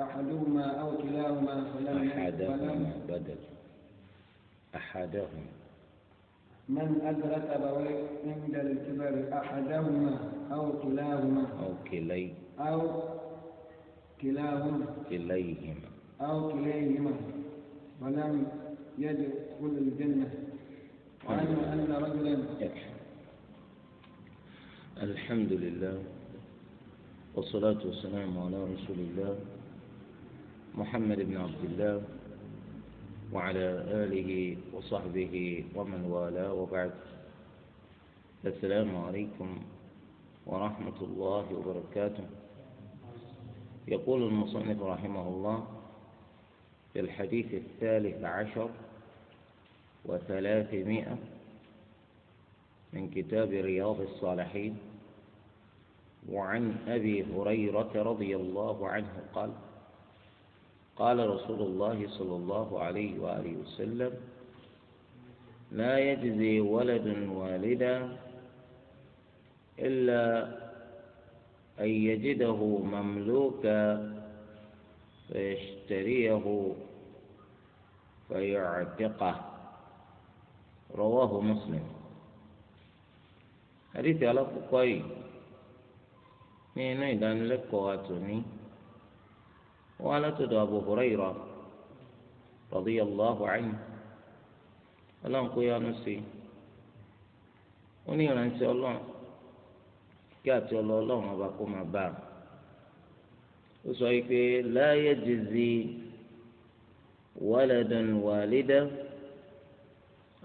أحدهما أو كلاهما فلم أحدهما بدل أحدهما من أدرك أبويه عند الكبر أحدهما أو كلاهما أو كلي أو كلاهما كليهما أو كليهما ولم يدخل الجنة وعلم أن رجلا الحمد لله والصلاة والسلام على رسول الله محمد بن عبد الله وعلى آله وصحبه ومن والاه وبعد السلام عليكم ورحمة الله وبركاته يقول المصنف رحمه الله في الحديث الثالث عشر وثلاثمائة من كتاب رياض الصالحين وعن أبي هريرة رضي الله عنه قال قال رسول الله صلى الله عليه وآله وسلم لا يجزي ولد والدا إلا أن يجده مملوكا فيشتريه فيعتقه رواه مسلم حديث على فقيه ní inú ìdánilẹ́kọ̀ọ́ àtòní wọ́n alátọ̀dọ̀ Abu Hurayra radiyallahu anhu ọlọ́run kó yánu sí i ó ní ìrántí ọlọ́run kí àti ọlọ́ ọlọ́run ọba kó máa bá a ó sọ pé la yajzi waladan walida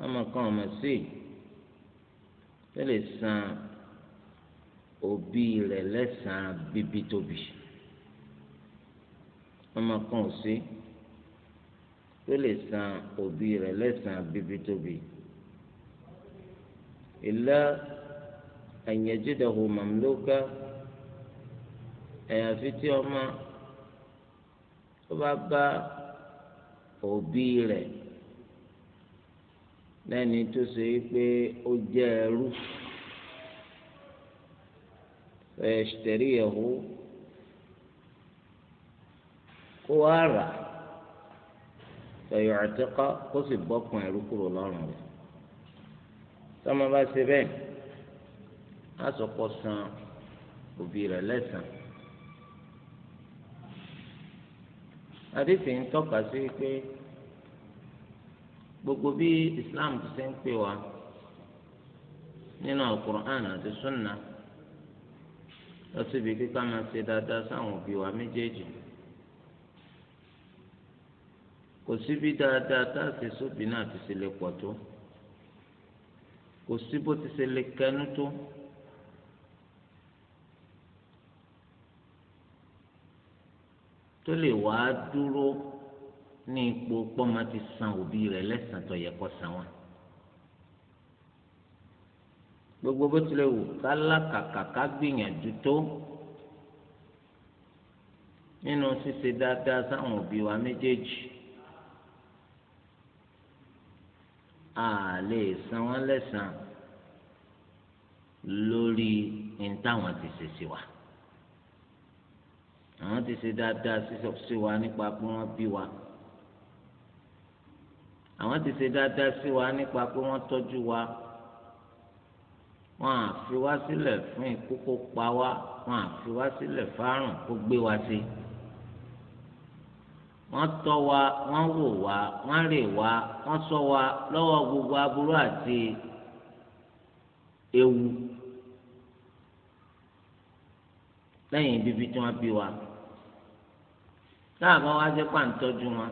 ọmọ kan ọmọ sí i ó lè san òbí rẹ̀ lẹ́sàn-án bíbí tóbi ọmọ kan ò sí tó lè san òbí rẹ̀ lẹ́sàn-án bíbí tóbi illa an yajidahu mamluka àyàfi tí ọmọ tó bá bá òbí rẹ̀ lẹ́ni tó ṣe é pé ó jẹ́ ẹrú fẹ̀yẹ̀sítẹ̀ríyẹ̀wò kó wá rà fẹ̀yọ̀ àtẹ́kọ́ kó sì bọ́kùn ẹ̀rú kúrò lọ́rùn rẹ̀ tọ́mọ bá ṣe bẹ́ẹ̀ á sọ pọ̀ san òbí rẹ̀ lẹ́sàn-án. àdìsí ń tọ́ka sí pé gbogbo bí Islam ti ṣe ń pè wá nínú Al-Qur'an àti Sunnah lọ síbi pé ká máa ṣe dáadáa sáwọn òbí wa méjèèjì kò síbi dáadáa tá a ṣe sóbì náà ti ṣe lè pọ̀ tó kò sí bó ti ṣe lè kẹnu tó tó lè wàá dúró ní ipò pọ́nmọ́ ti san òbí rẹ̀ lẹ́sàn-án tó yẹ kó san wọn gbogbo bó tilẹ̀ wù kálákàkà ká gbìyànjú tó nínú ṣíṣe dáadáa sáwọn òbí wa méjèèjì a lè san wọ́n lẹ́san lórí ní táwọn ti ṣe sí wa àwọn ti ṣe dáadáa sísọ sí wa nípa pé wọ́n bí wa àwọn ti ṣe dáadáa sí wa nípa pé wọ́n tọ́jú wa wọn à fi wá sílẹ̀ fún ikú kó pa wá wọn à fi wá sílẹ̀ fárùn kó gbé wá sí wọ́n tọ́ wa wọ́n wò wá wọ́n rè wá wọ́n ṣọ́ wa lọ́wọ́ gbogbo aburú àti ewu lẹ́yìn bíbí tí wọ́n bí wa táàbà wá jẹ́ pàǹtọ́jú wọn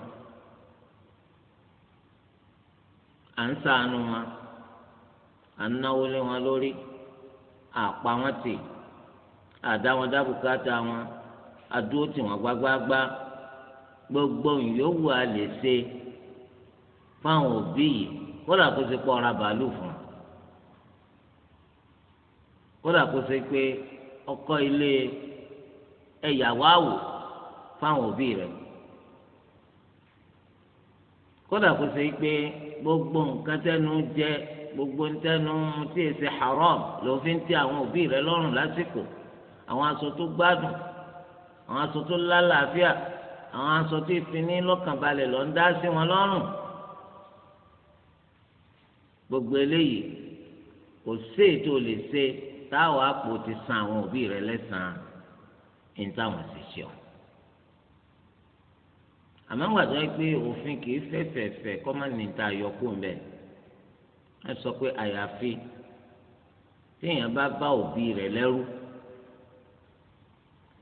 à ń ṣàánú wọn à ń náwó lé wọn lórí àpá wọn tì àdá wọn dábùkátà wọn adúró tì wọn gbágbáágbá gbogbo ìyówù a lè ṣe fáwọn òbí yìí kódà kó ṣe pé bàálù fún un kódà kó ṣe pé ọkọ ilé ẹ̀yàwó àwò fáwọn òbí rẹ̀ kódà kó ṣe pé gbogbo nǹkan tẹnu jẹ gbogbo ntẹnu tí èsì haram ló fi ń tẹ àwọn òbí rẹ lọ́rùn lásìkò àwọn aṣọ tó gbádùn àwọn aṣọ tó lálàáfíà àwọn aṣọ tó ìfiní lọ́kànbalẹ̀ lọ ń dá sí wọn lọ́rùn gbogbo eléyìí kò sí ètò lè ṣe táwọn àpò ti san àwọn òbí rẹ lẹ́sàn-án ní táwọn sì ṣe ọ àmọ́ ń gbàdúrà pé òfin kì í fẹ́fẹ̀ẹ́fẹ́ kọ́ máa ní ta yọkú mbẹ́ẹ̀ ẹ sọ pé àyàfi téèyàn bá bá òbí rẹ̀ lẹ́rú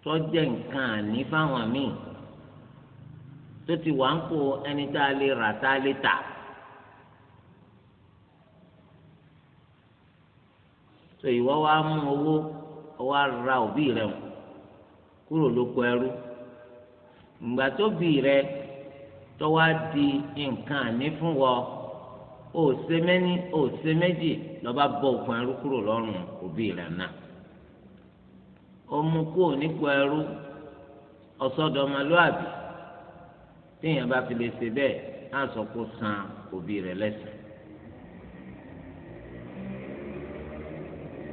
tọ́jẹ́ nǹkan àní fáwọn míì tó ti wà ń kó ẹni tá a lè rà tá a lè tà. tó ìwọ wa mú owó wa ra òbí rẹ̀ kúrò lóko ẹrú ìgbà tó bí rẹ̀ tó wá di nǹkan àní fún wọn òsè mẹ́ni òsè méjì lọ́ba bọ́ òkun ẹrú kúrò lọ́rùn òbí rẹ̀ náà ọmú kúrò nípò ẹrú ọ̀sọ́dọ̀mọlúàbí téèyàn bá fi lè ṣe bẹ́ẹ̀ á sọ kó san òbí rẹ̀ lẹ́sẹ̀.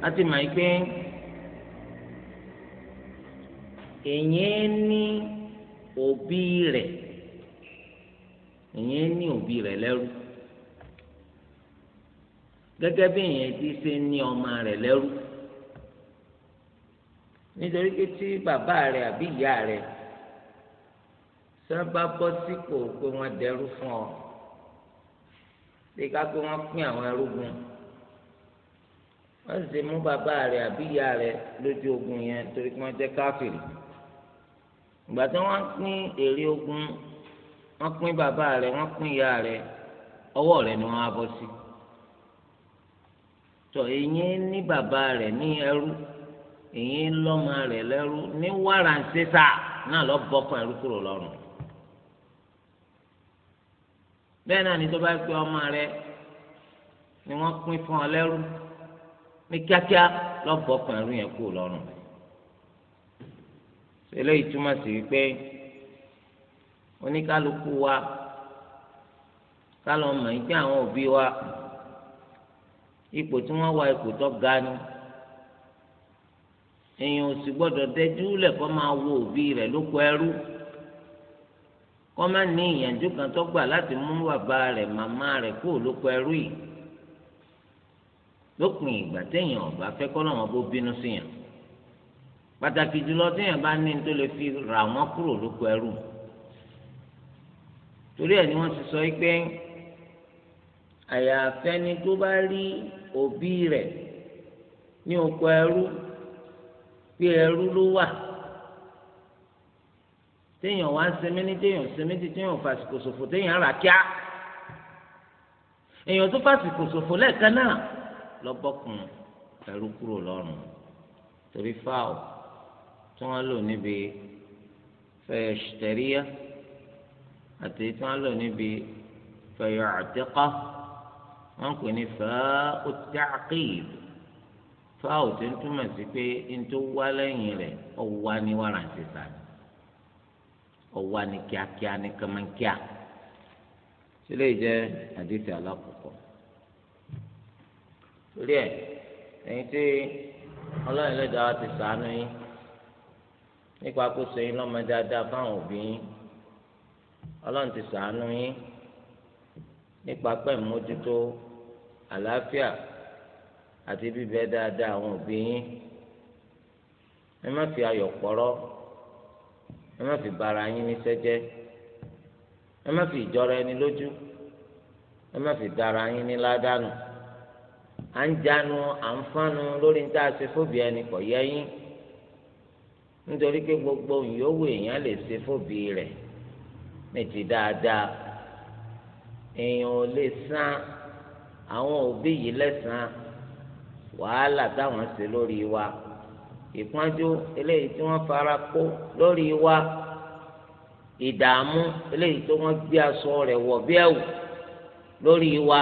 a ti mọ̀ pé èyàn ní òbí rẹ̀ èyàn ní òbí rẹ̀ lẹ́rú gẹ́gẹ́ bí èèyàn ti ṣe ní ọmọ rẹ̀ lẹ́rú nítorí pé tí bàbá rẹ̀ àbí ìyá rẹ̀ sábà bọ́ sípò pé wọ́n dẹrú fún ọ bí ká pé wọ́n pín àwọn ẹrúgun wọ́n sì mú bàbá rẹ̀ àbí ìyá rẹ̀ lójú ogun yẹn torí pé wọ́n jẹ́ káfíìrì ìgbà tí wọ́n pín èrè ogun wọ́n pín bàbá rẹ̀ wọ́n pín ìyá rẹ̀ ọwọ́ rẹ̀ ni wọ́n á bọ́ sí. Si tọ èyí ní bàbá rẹ̀ ní ẹrú èyí lọ́mọ rẹ̀ lẹ́rú ní wàràǹsẹ́sà náà lọ bọ́kàn ẹrú kúrò lọ́rùn bẹ́ẹ̀ náà ni tó bá pé ọmọ rẹ̀ ni wọ́n pín fún ọ lẹ́rú ní kíákíá lọ bọ́kàn ẹrú yẹn kúrò lọ́rùn eléyìí túmọ̀ sí wípé oníkálukú wa ká mọ̀ ní pé àwọn òbí wa ipò tí wọ́n wá ipò tó ga ni èèyàn ò sì gbọ́dọ̀ dẹjú lẹ̀ kó máa wo òbí rẹ̀ lóko ẹrú kó má ní ìyànjú kan tó gbà láti mú bàbá rẹ̀ màmá rẹ̀ kó lóko ẹrú yìí lópin ìgbà téèyàn ọba fẹ́ kọ́ lọ́wọ́ bó bínú sí yàn pàtàkì jùlọ téèyàn bá ní tó lè fi rà wọ́n kúrò lóko ẹrú torí ẹ̀ ni wọ́n ti sọ pé àyàfẹ́ni tó bá rí òbí rẹ̀ ní oko ẹrú pé ẹrú ló wà téèyàn wá ń sinmi ní téèyàn sinmi ti téèyàn fàsìkò ṣòfò téèyàn rà kíá èèyàn tó fàsìkò ṣòfò lẹ́ẹ̀kan náà lọ́bọ̀kùn ẹrú kúrò lọ́rùn torí fáwọ̀ tí wọ́n lò níbi fẹ̀yẹ̀ṣtẹ̀ríyà àti tí wọ́n lò níbi fẹ̀yẹ̀ṣtẹ̀ríyà wọn pè ní fáà ta'qib fáà ò ti ń túmọ̀ sí pé n tó wá lẹ́yìn rẹ̀ ọ̀wá ní wàràǹtì sàmì ọ̀wá ní kíákíá ní kàmánkíá sílẹ̀ jẹ́ àdìsẹ́ alákọ̀ọ́kọ́ torí ẹ̀ ẹ̀yin tí ọlọ́run lẹ́dàá ti sàánú yín nípa kó sọ yín dáadáa fáwọn òbí yín ọlọ́run ti sàánú yín. nípa pẹ̀ mójútó àlàáfíà àti bíbẹ dáadáa àwọn òbí yín ẹ má fi ayọ̀ ẹ má fi bara yín ní sẹ́jẹ́ ẹ má fi ìjọra ẹni lójú ẹ má fi dára yín ní ládàánù à ń jánu à ń fánu lórí ṣe fóbi ẹni kò yẹ yín nítorí pé gbogbo ìyówó èèyàn lè ṣe fóbi rẹ̀ ní ti dáadáa. èèyàn ò lè san àwọn òbí yìí lẹ́sàn-án wàhálà táwọn ṣe lórí wa ìpọ́njú eléyìí tí wọ́n fara kó lórí wa ìdààmú eléyìí tí wọ́n gbé aṣọ rẹ̀ wọ̀ bí ẹ̀wù lórí wa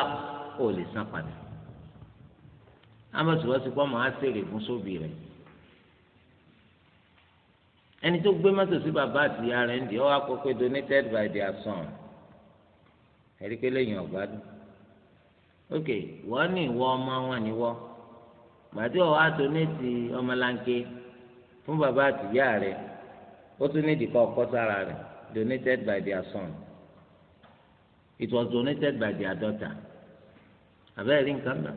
ò lè san padà amọ̀tí wọ́n ti gbọ́ màá ṣèrè fún sóbì rẹ̀ ẹni tó gbé mọ́tò sí bàbá àti ìyá rẹ̀ ń di ọ́ wá kó pé donated by their son ẹ̀rí pé lẹ́yìn ọ̀gbádùn ok wọ́n ní ìwọ ọmọ wọn ni wọ́ màtí ọ̀ wá donate ọmọlanke fún bàbá àtìyá rẹ̀ ó tún ní ìdìkọ́ ọkọ sára rẹ̀ donated by their son it was donated by their daughter àbẹ́rẹ́ rí nǹkan náà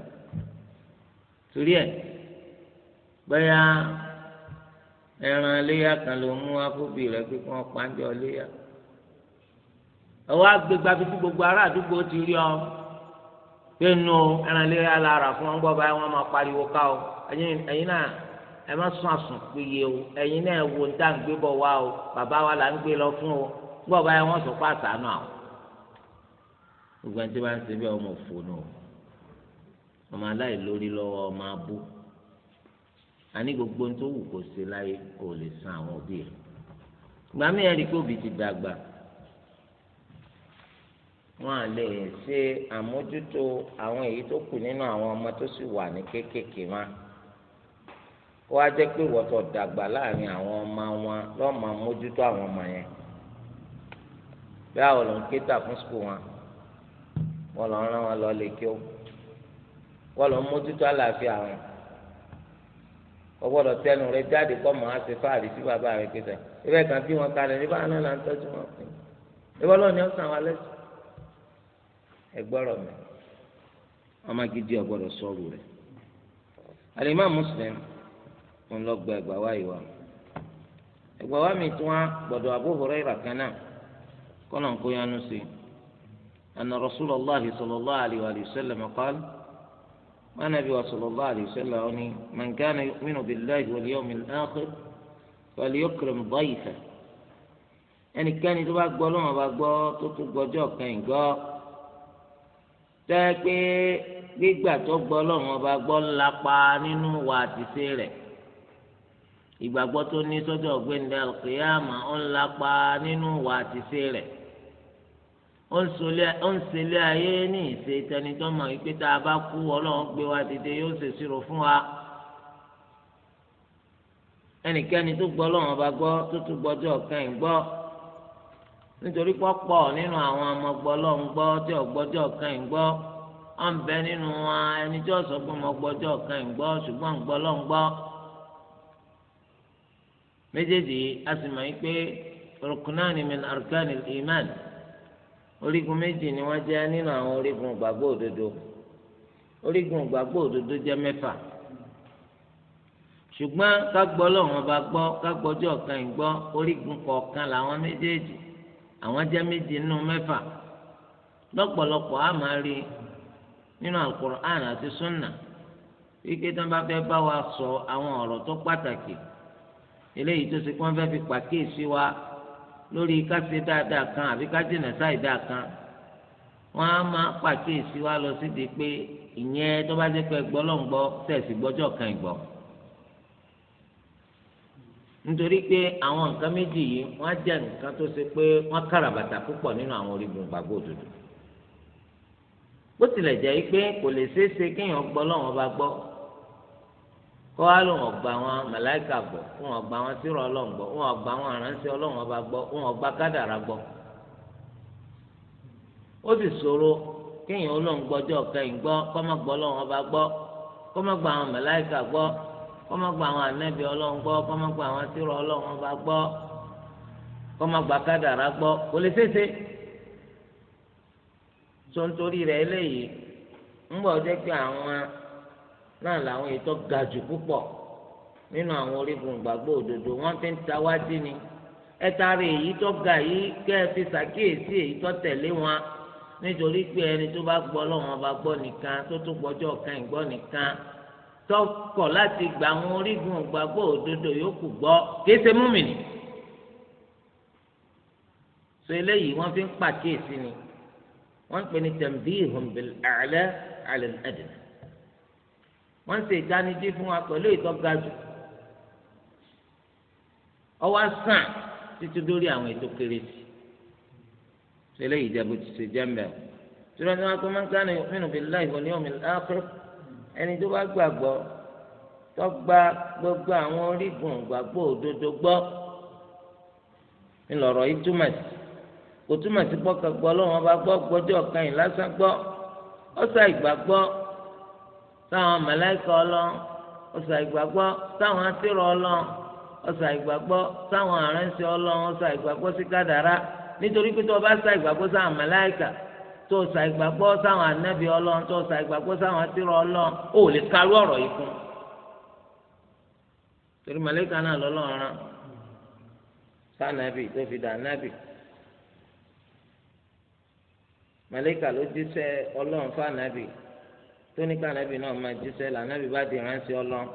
torí ẹ̀ bẹ́ẹ̀ ẹran léyà kan ló mú akóbì rẹ̀ pé kí wọ́n pa ń jọ léyà ọwọ́ agbègbè àfi tí gbogbo ará àdúgbò ti rí ọ pé nu ẹran lé alára fún wọn gbọ́ báyìí wọ́n máa pariwo ká o ẹ̀yin náà ẹ má sún àsùn péye o ẹ̀yin náà wo ń dá gbé bọ̀ wá o bàbá wa là ń gbé lọ fún o gbọ́ báyìí wọ́n sọ pé àṣàánú àwọn. gbogbo ẹni tí wọ́n ti bí ọmọ òfòònù o ọmọ aláìlórí lọ́wọ́ ọmọ abú àní gbogbo ohun tó wù kó ṣe láyé kò lè san àwọn òbí rẹ̀ gbàmí ẹ̀rí kó òbí ti dàgbà wọn à lè ṣe àmójútó àwọn èyí tó kù nínú àwọn ọmọ tó sì wà ní kéékèèké má kó wá jẹ́ pé wọ́tọ̀ dàgbà láàrin àwọn ọmọ wọn lọ́ọ́ máa mójútó àwọn ọmọ yẹn bí àwọn ló ń ké tà fún sukù wọn wọn lọ rán wọn lọ lè kí ó wọn lọ mójútó àlàáfíà wọn o gbọ́dọ̀ tẹnu rẹ jáde kọ mọ àti fáàrí sí bàbá rẹ pé sẹ ibẹ̀ kan bí wọn kalẹ̀ níbà náà là ń tọ́jú wọn pé ìwọ lọ ní ọsàn wa lẹsùn ẹgbọ́rọ̀ mi ọmọ gidi ọgbọ́dọ̀ sọ̀rọ̀ rẹ̀ alimá muslim ń lọ gba ẹgbà wá ìwà ẹgbà wá mi tún wá gbọ́dọ̀ Abu Hurairah kan náà kọlọ ń kó yanu sí ana Rasulullah sallallahu alayhi wa sallam qaal ma nabi wa sallallahu alayhi wa sallam ọni man kana yu'minu billahi wal yawmil akhir falyukrim dayfahu ẹnikẹ́ni tó bá gbọ́ lọ́wọ́ bá gbọ́ tó tó gbọ́jọ́ kan ìgbọ́ tẹ́ pé gbígbà tó gbọ́ ọlọ́run ọba gbọ́ ńlapa nínú wa àtìsé rẹ̀ ìgbàgbọ́ tó ní sọ́jọ́ ọ̀gbẹ́ni alqiyama ó ńlapa nínú wa àtìsé rẹ̀ ó ń sẹlẹ̀ ayé ní ìṣe tẹnitọ́mọ̀ wípé tá a bá kú ọlọ́run gbé wa dìde yóò ṣèṣirò fún wa ẹnikẹ́ni tó gbọ́ ọlọ́run ọba gbọ́ tó tún gbọ́jọ́ ọ̀kan ìgbọ́. nítorí pọ́pọ́ nínú àwọn ọmọgbọ́lọ́ngbọ́ tí ọ̀gbọ́jọ́ kan ìgbọ́ ọ̀ ń bẹ nínú wọn ẹni tí ọ̀sọ́ pé ọmọgbọ́jọ́ kan ìgbọ́ ṣùgbọ́n méjèèjì a sì mọ̀ pé rukunani min arkani iman orígun méjì ni wọ́n jẹ́ nínú àwọn orígun ìgbàgbọ́ òdodo orígun òdodo jẹ́ mẹ́fà ṣùgbọ́n ká gbọ́ lọ́wọ́n bá gbọ́ ká gbọ́jọ́ kan orígun kọ̀ọ̀kan làwọn méjèèjì àwọn jẹ́ méjì nínú mẹ́fà lọ́pọ̀lọpọ̀ a máa rí nínú alukur'an àti sunna wípé tí wọ́n bá fẹ́ bá wa sọ àwọn ọ̀rọ̀ tó pàtàkì eléyìí tó ṣe kí wọ́n fẹ́ fi pàkíyèsí wa lórí ká ṣe dáadáa kan àbí ká jìnà sáìdáa kan wọ́n á máa pàkíyèsí wa lọ sídìí pé ìyẹn tó bá jẹ́ pé gbọ́lọ́ngbọ́ tẹ̀sí gbọ́jọ́ kan ìgbọ́ nítorí pé àwọn nǹkan méjì yìí wọ́n á jẹ́ nǹkan tó ṣe pé wọ́n kárabàtà púpọ̀ nínú àwọn orígun ìgbàgbọ́ òdodo bó tilẹ̀ jẹ́ pé kò lè ṣeé ṣe kéèyàn gbọ́ lọ́wọ́n bá gbọ́ kọ́ á lò wọ́n gba wọn màláìkà gbọ́ wọ́n gba wọn sírò ọlọ́run gbọ́ wọ́n gba wọn aránṣẹ́ ọlọ́run bá gbọ́ wọ́n gba kádàrá gbọ́ ó sì ṣòro kéèyàn ọlọ́run gbọ́jọ́ kẹ́yìn gbọ́ kọ́ kọ́ má gba àwọn ànábì ọlọ́run gbọ́ kọ́ má gba àwọn tírà ọlọ́run ọba gbọ́ kọ́ má gba kádàrá gbọ́ kò lè ṣeéṣe tó ń torí rẹ̀ eléyìí ń bọ̀ jẹ́ pé àwọn náà làwọn ètò ga jù púpọ̀ nínú àwọn orígun ìgbàgbọ́ òdodo wọ́n fi ń tawájú ni ẹ taara èyí tó ga yìí kẹ́ ẹ fi ṣàkíyèsí èyí tó tẹ̀lé wọn nítorí pé ẹni tó bá gbọ́ ọlọ́run ọba gbọ́ nìkan tó tún gbọ́jọ́ kan ìgbọ́ nìkan tọkọ láti gbà àwọn orígun ìgbàgbọ́ òdodo yòókù gbọ́ kìí ṣe múmìnì so eléyìí wọ́n fi ń pàkíyèsí ni wọ́n ń pè ní tanbihum bil a'la 'ala al-adna wọ́n ń ṣe ìdánijí fún wa pẹ̀lú ìtọ́ga jù ọwọ́ sàn títí dórí àwọn ètò kérésì so eléyìí jẹ́ bó ti ṣe jẹ́ mbẹ́ tí wọ́n ti wá pé man kana yu'minu billahi wal yawmil akhir ẹni tó bá gbàgbọ́ tó gba gbogbo àwọn orígun gbàgbọ́ òdodo gbọ́ ńlọrọ̀ yìí túmọ̀ sí kò túmọ̀ sí gbọ́kàn gbọ́ lọ́wọ́n bá gbọ́ gbọ́jọ́ kan yìí lásán gbọ́ ọ̀sà ìgbàgbọ́ sáwọn màláíkà Ọlọ́run ọ̀sà ìgbàgbọ́ sáwọn asírọ̀ Ọlọ́run ọ̀sà ìgbàgbọ́ sáwọn aránṣẹ́ Ọlọ́run ọ̀sà ìgbàgbọ́ sí kádàrá nítorí pé tó o bá sá ìgbàgbọ́ sáwọn màláíkà tó o ṣàìgbàgbọ́ sáwọn anábì ọlọ́run tó o ṣàìgbàgbọ́ sáwọn tírà ọlọ́run ó lè karú ọ̀rọ̀ yìí fún torí màlẹ́kà náà lọ́lọ́run rán sánábì tó fi dà nábì màlẹ́kà ló jíṣẹ́ ọlọ́run fún ànábì tó ní ká ànábì náà máa jíṣẹ́ bá di ránṣẹ́ ọlọ́run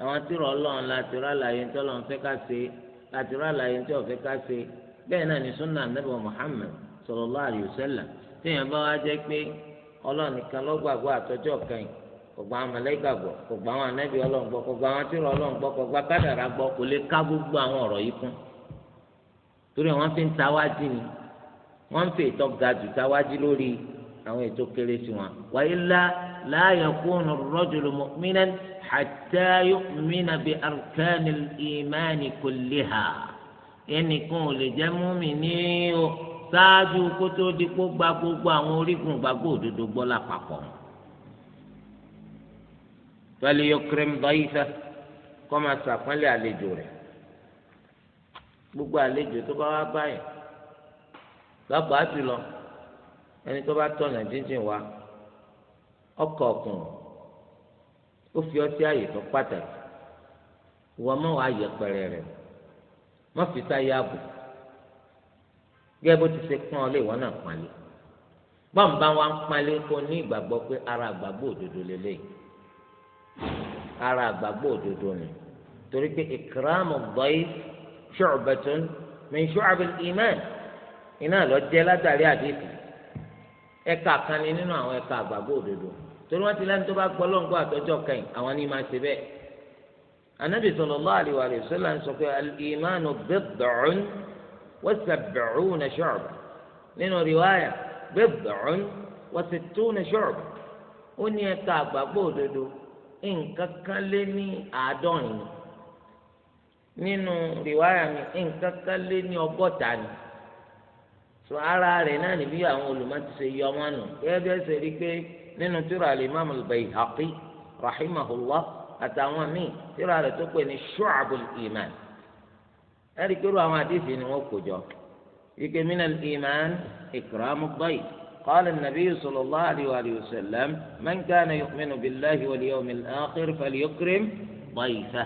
àwọn ọlọ́run láti rà láàyè fẹ́ ká ṣe láti rà láàyè ká ṣe bẹ́ẹ̀ sallallahu alaihi wasallam téèyàn bá wá jẹ́ pé ọlọ́run nìkan ló gbàgbọ́ àtọ́jọ́ kẹyìn kò gba àwọn màláíkà gbọ́ kò gba àwọn ànábì ọlọ́run gbọ́ kò gba àwọn tírà ọlọ́run gbọ́ kò gba kádàrá gbọ́ kò lè ká gbogbo àwọn ọ̀rọ̀ yìí kún torí wọ́n fi ń tawájú ni wọ́n ń fi ètò ga jù tawájú lórí àwọn ètò kéré sí wọn. wa illa la yakunu ar-rajulu mu'minan hatta yu'mina bi arkanil imani kulliha ẹnìkan ò lè jẹ́ mùmínì o ṣáájú kó tó di kó gba gbogbo àwọn orígun gbàgbọ́ òdodo gbọ́ lápapọ̀ pẹ̀lú yọkẹrẹm dọ́yìísá kọ́ máa ṣàpọ́nlé àlejò rẹ̀ gbogbo àlejò tó bá wá báyìí lọ́pàá jùlọ ẹni tó bá tọ̀nà jíjìn wá ọkọ̀ ọ̀kùnrin ó fi ọtí ààyè tó pàtàkì ìwọ mọ́ wàá yẹpẹrẹ rẹ̀ mọ́ fi sáyà bùkún gẹ́gẹ́ bó ti ṣe pọ́n ọ lé ìwọ náà pọ́nlé bọ́ǹbà wa ń pọ́nlé kó ní ìgbàgbọ́ pé ara àgbàgbọ́ òdodo lélẹ́yìí ara àgbàgbọ́ òdodo ni torí pé ìkìrámù gbọ́yé ṣọ́ọ̀bẹ̀tún min shu'abil iman iná lọ jẹ́ látàrí àdéhùn ẹ̀ka kan ni nínú àwọn ẹ̀ka àgbàgbọ́ òdodo torí wọ́n ti lẹ́nu tó bá gbọ́ lọ́ngbọ́ àtọ́jọ́ kẹ́yìn àwọn ni máa ṣe bẹ́ẹ̀ anábì sallallahu alaihi ń sọ pé al-imanu bid'un وسبعون شعبة nínú riwaya bid'un wa sittuna shu'ba ó ní ẹ̀ka àgbàgbọ́ òdodo nǹkan kan lé ní àádọ́rin nínú riwaya mi nǹkan kan lé ní ọgọ́ta ni sọ ara rẹ̀ náà níbí àwọn olùmọ̀ ti ṣe yọ wọn nù gẹ́gẹ́ bí ẹ ṣe rí i pé nínú tírà al-Imam al-Bayhaqi rahimahullah àtàwọn míì tírà rẹ̀ tó pè ní Shu'abul Iman. ẹ̀rí kúrò àwọn àdìsí ni wọ́n kó jọ ike minal iman ikramu dayf قال النبي صلى الله عليه وآله وسلم من كان يؤمن بالله واليوم الآخر فليكرم ضيفه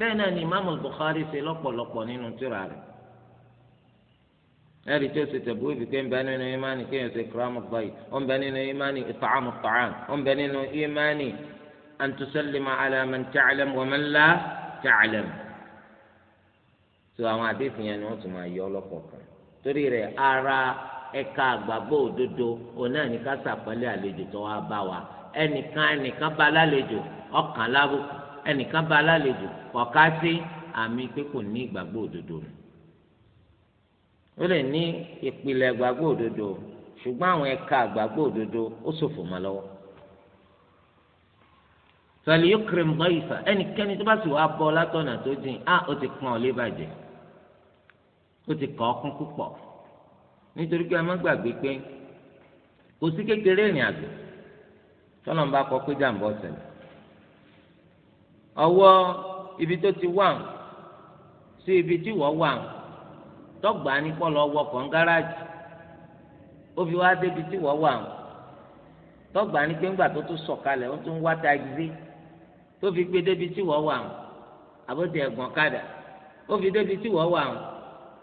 بين الإمام البخاري في لقب لقب نينو تراري ẹ̀rí tí ó ṣe tẹ̀bú ìfikẹ́ ń bẹ nínú ìmánì kí èèyàn ṣe kìrámù báyìí ó ń bẹ nínú ìmánì ìtààmù tààmù ó ń bẹ nínú ìmánì an tusallima ala man ta'lam wa man la ta'lam. tó àwọn àdéhùn yẹn ni wọ́n tún máa yọ torí rẹ ara ẹka àgbàgbọ́ òdodo òun náà ní ká sàpẹ́lẹ̀ àlejò tó wá bá wa ẹnìkan ẹnìkan bá lálejò ọkàn lábùkù ẹnìkan bá lálejò ọ̀ká sí àmì pé kò ní ìgbàgbọ́ òdodo rẹ̀ ó lè ní ìpìlẹ̀ ìgbàgbọ́ òdodo ṣùgbọ́n àwọn òdodo ó ṣòfò mọ́ lọ́wọ́ yóò mọ́ ìfà ẹnikẹ́ni tó bá sì wá bọ́ látọ̀nà tó ó ti kọ́ ọkún púpọ̀ nítorí pé ẹ má gbàgbé pé kò sí kékeré ìrìn àjò tọ́lọ́n bá kọ pé jàǹbá ṣẹlẹ̀ ọwọ́ ibi tó ti wà sí ibi tí wọ́n wà tọ́gbà ní pọ́lọ́ wọkọ̀ ń gáràjì ó fi wá débi tí wọ́n wà tọ́gbà ní pé ńgbà tó tún sọ̀kalẹ̀ ó tún wá táìsì tó fi gbé débi tí wọ́n wà àbótí ẹ̀gbọ́n kádà ó fi débi tí wọ́n wà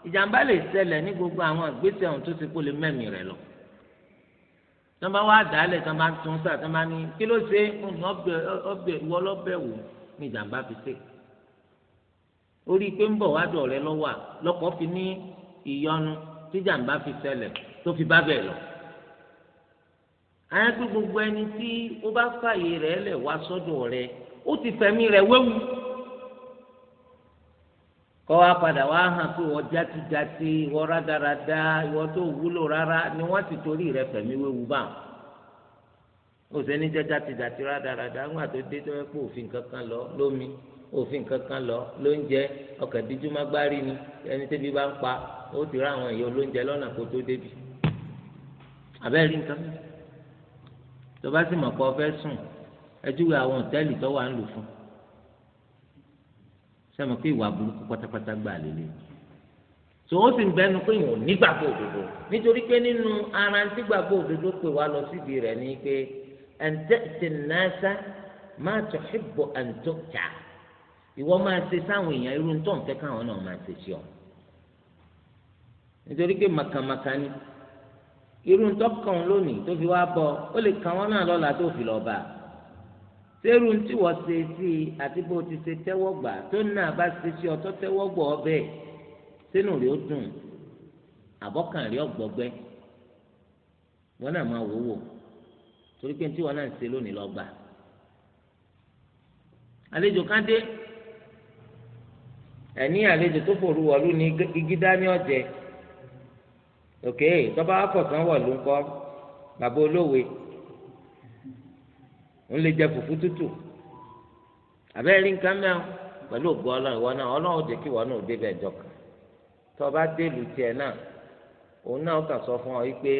ìjàmbá lè ṣẹlẹ̀ ní gbogbo àwọn ìgbésẹ̀ ọ̀hún tó ti kó lè mẹ́mìí rẹ̀ lọ tí wọ́n bá wá dàálẹ̀ tí wọ́n bá ń tún sáà tí wọ́n bá ní kí ló ṣe ọbẹ̀ ìwọ lọ́bẹ̀ wò ní ìjàmbá fi ṣe orí pé ń bọ̀ wá dọ̀ rẹ lọ́wọ́ lọ́kọ̀ fi ní ìyọnu tí ìjàmbá fi ṣẹlẹ̀ tó fi bá bẹ̀ lọ àyàfi gbogbo ẹni tí ó bá fààyè rẹ̀ lẹ̀ wá sọ́dọ̀ rẹ̀ ó ti fẹ̀mí rẹ̀ wéwu. kọ́ wa padà wá hàn pé wọ́n játijáti wọ́n rádaràda wọ́n tó wúlò rárá ni wọ́n ti torí rẹ fẹ̀mí wéwu bá wọn. ní jẹ́ játijáti rádaràda ńgbà tó dé òfin kankan lọ lómi òfin kankan lọ lóúnjẹ ni ẹni tẹ́bi bá ń pa ó ti rá àwọn èèyàn lóúnjẹ lọ́nà kó tó sẹ́mi pé ìwà burúkú pátápátá gbà lélẹ̀ tó o sì ń bẹnu pé ìwọ̀n nígbàgbọ́ òdodo nítorí pé nínú ara ń tígbàgbọ́ òdodo pé wàá lọ síbi rẹ̀ ni pé ẹ̀ǹtẹ̀tẹ̀ nàásá máa tọ̀ ṣìbọ̀ ẹ̀ǹtọ̀tà ìwọ máa ṣe sáwọn èèyàn irú tó ń fẹ́ káwọn náà máa ṣe sí ọ nítorí pé màkàmàkà ni irú tó kàn lónìí tó fi wá bọ ó lè kàn wọ́n náà lọ́la tó fi lọ́ọ́ bá a. seru tí wọ́n ṣe sí i àti bó ti ṣe tẹ́wọ́ gbà tó náà bá ṣe sí ọ tẹ́wọ́ gbọ́ wọn náà máa wò wò torí pé tí wọn náà ń ṣe lónìí lọ́gbà àlejò kan dé ẹ̀ní àlejò tó wọ̀lú ní igi dání ọ̀jẹ̀ òkè ń lè jẹ fùfú tútù àbẹ́rẹ́ rí nǹkan mẹ́rin pẹ̀lú ògbó ọlọ́run ìwọ náà ọlọ́run jẹ́ kí ìwọ náà débẹ̀ jọkàn tó o bá délù tiẹ̀ náà òun náà kà sọ fún ọ wípé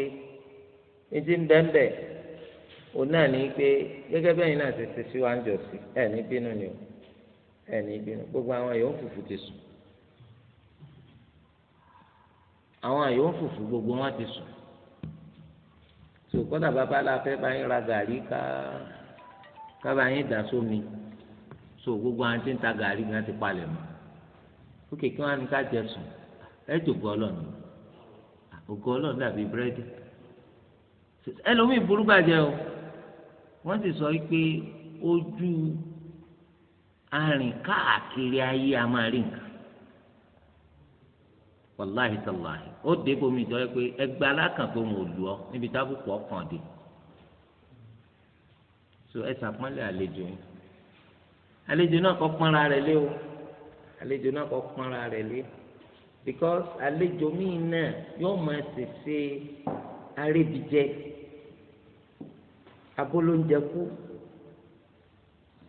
etí ń bẹ́ńbẹ́ òun náà ní pé gẹ́gẹ́ bẹ́yìn náà ti ti síwájú sí ẹ̀ ní bínú ni o ẹ̀ ní bínú gbogbo àwọn yòó fùfú ti sùn àwọn yòó fùfú gbogbo wọn ti sùn tòkọ́dà bàbá la fẹ́ báyìí ra gàrí ká kábàá yín dà sómi so gbogbo àwọn tí ń ta gàrí gan ti palẹ̀ mọ́ ó kéèké wọn ni ká jẹ sùn ẹ jòkó ọlọ́run ògó ọlọ́run dàbí búrẹ́dì ẹlòmíì burú bàjẹ́ o wọ́n ti sọ pé ojú arìn káàkiri ayé a máa rí nǹkan wàláhìí tàláhìí ó dé bomi jọ pé ẹgbẹ́ alákàn pé òun ò lù ọ́ níbi tábùkù ọkàn dé so ẹ ṣàpọ́nlé àlejò yẹn àlejò náà kọ́ pọ́nra rẹ̀ lé o àlejò náà kọ́ pọ́nra rẹ̀ lé because àlejò míì náà yóò máa ṣèṣe arébìjẹ abolóúnjẹ kú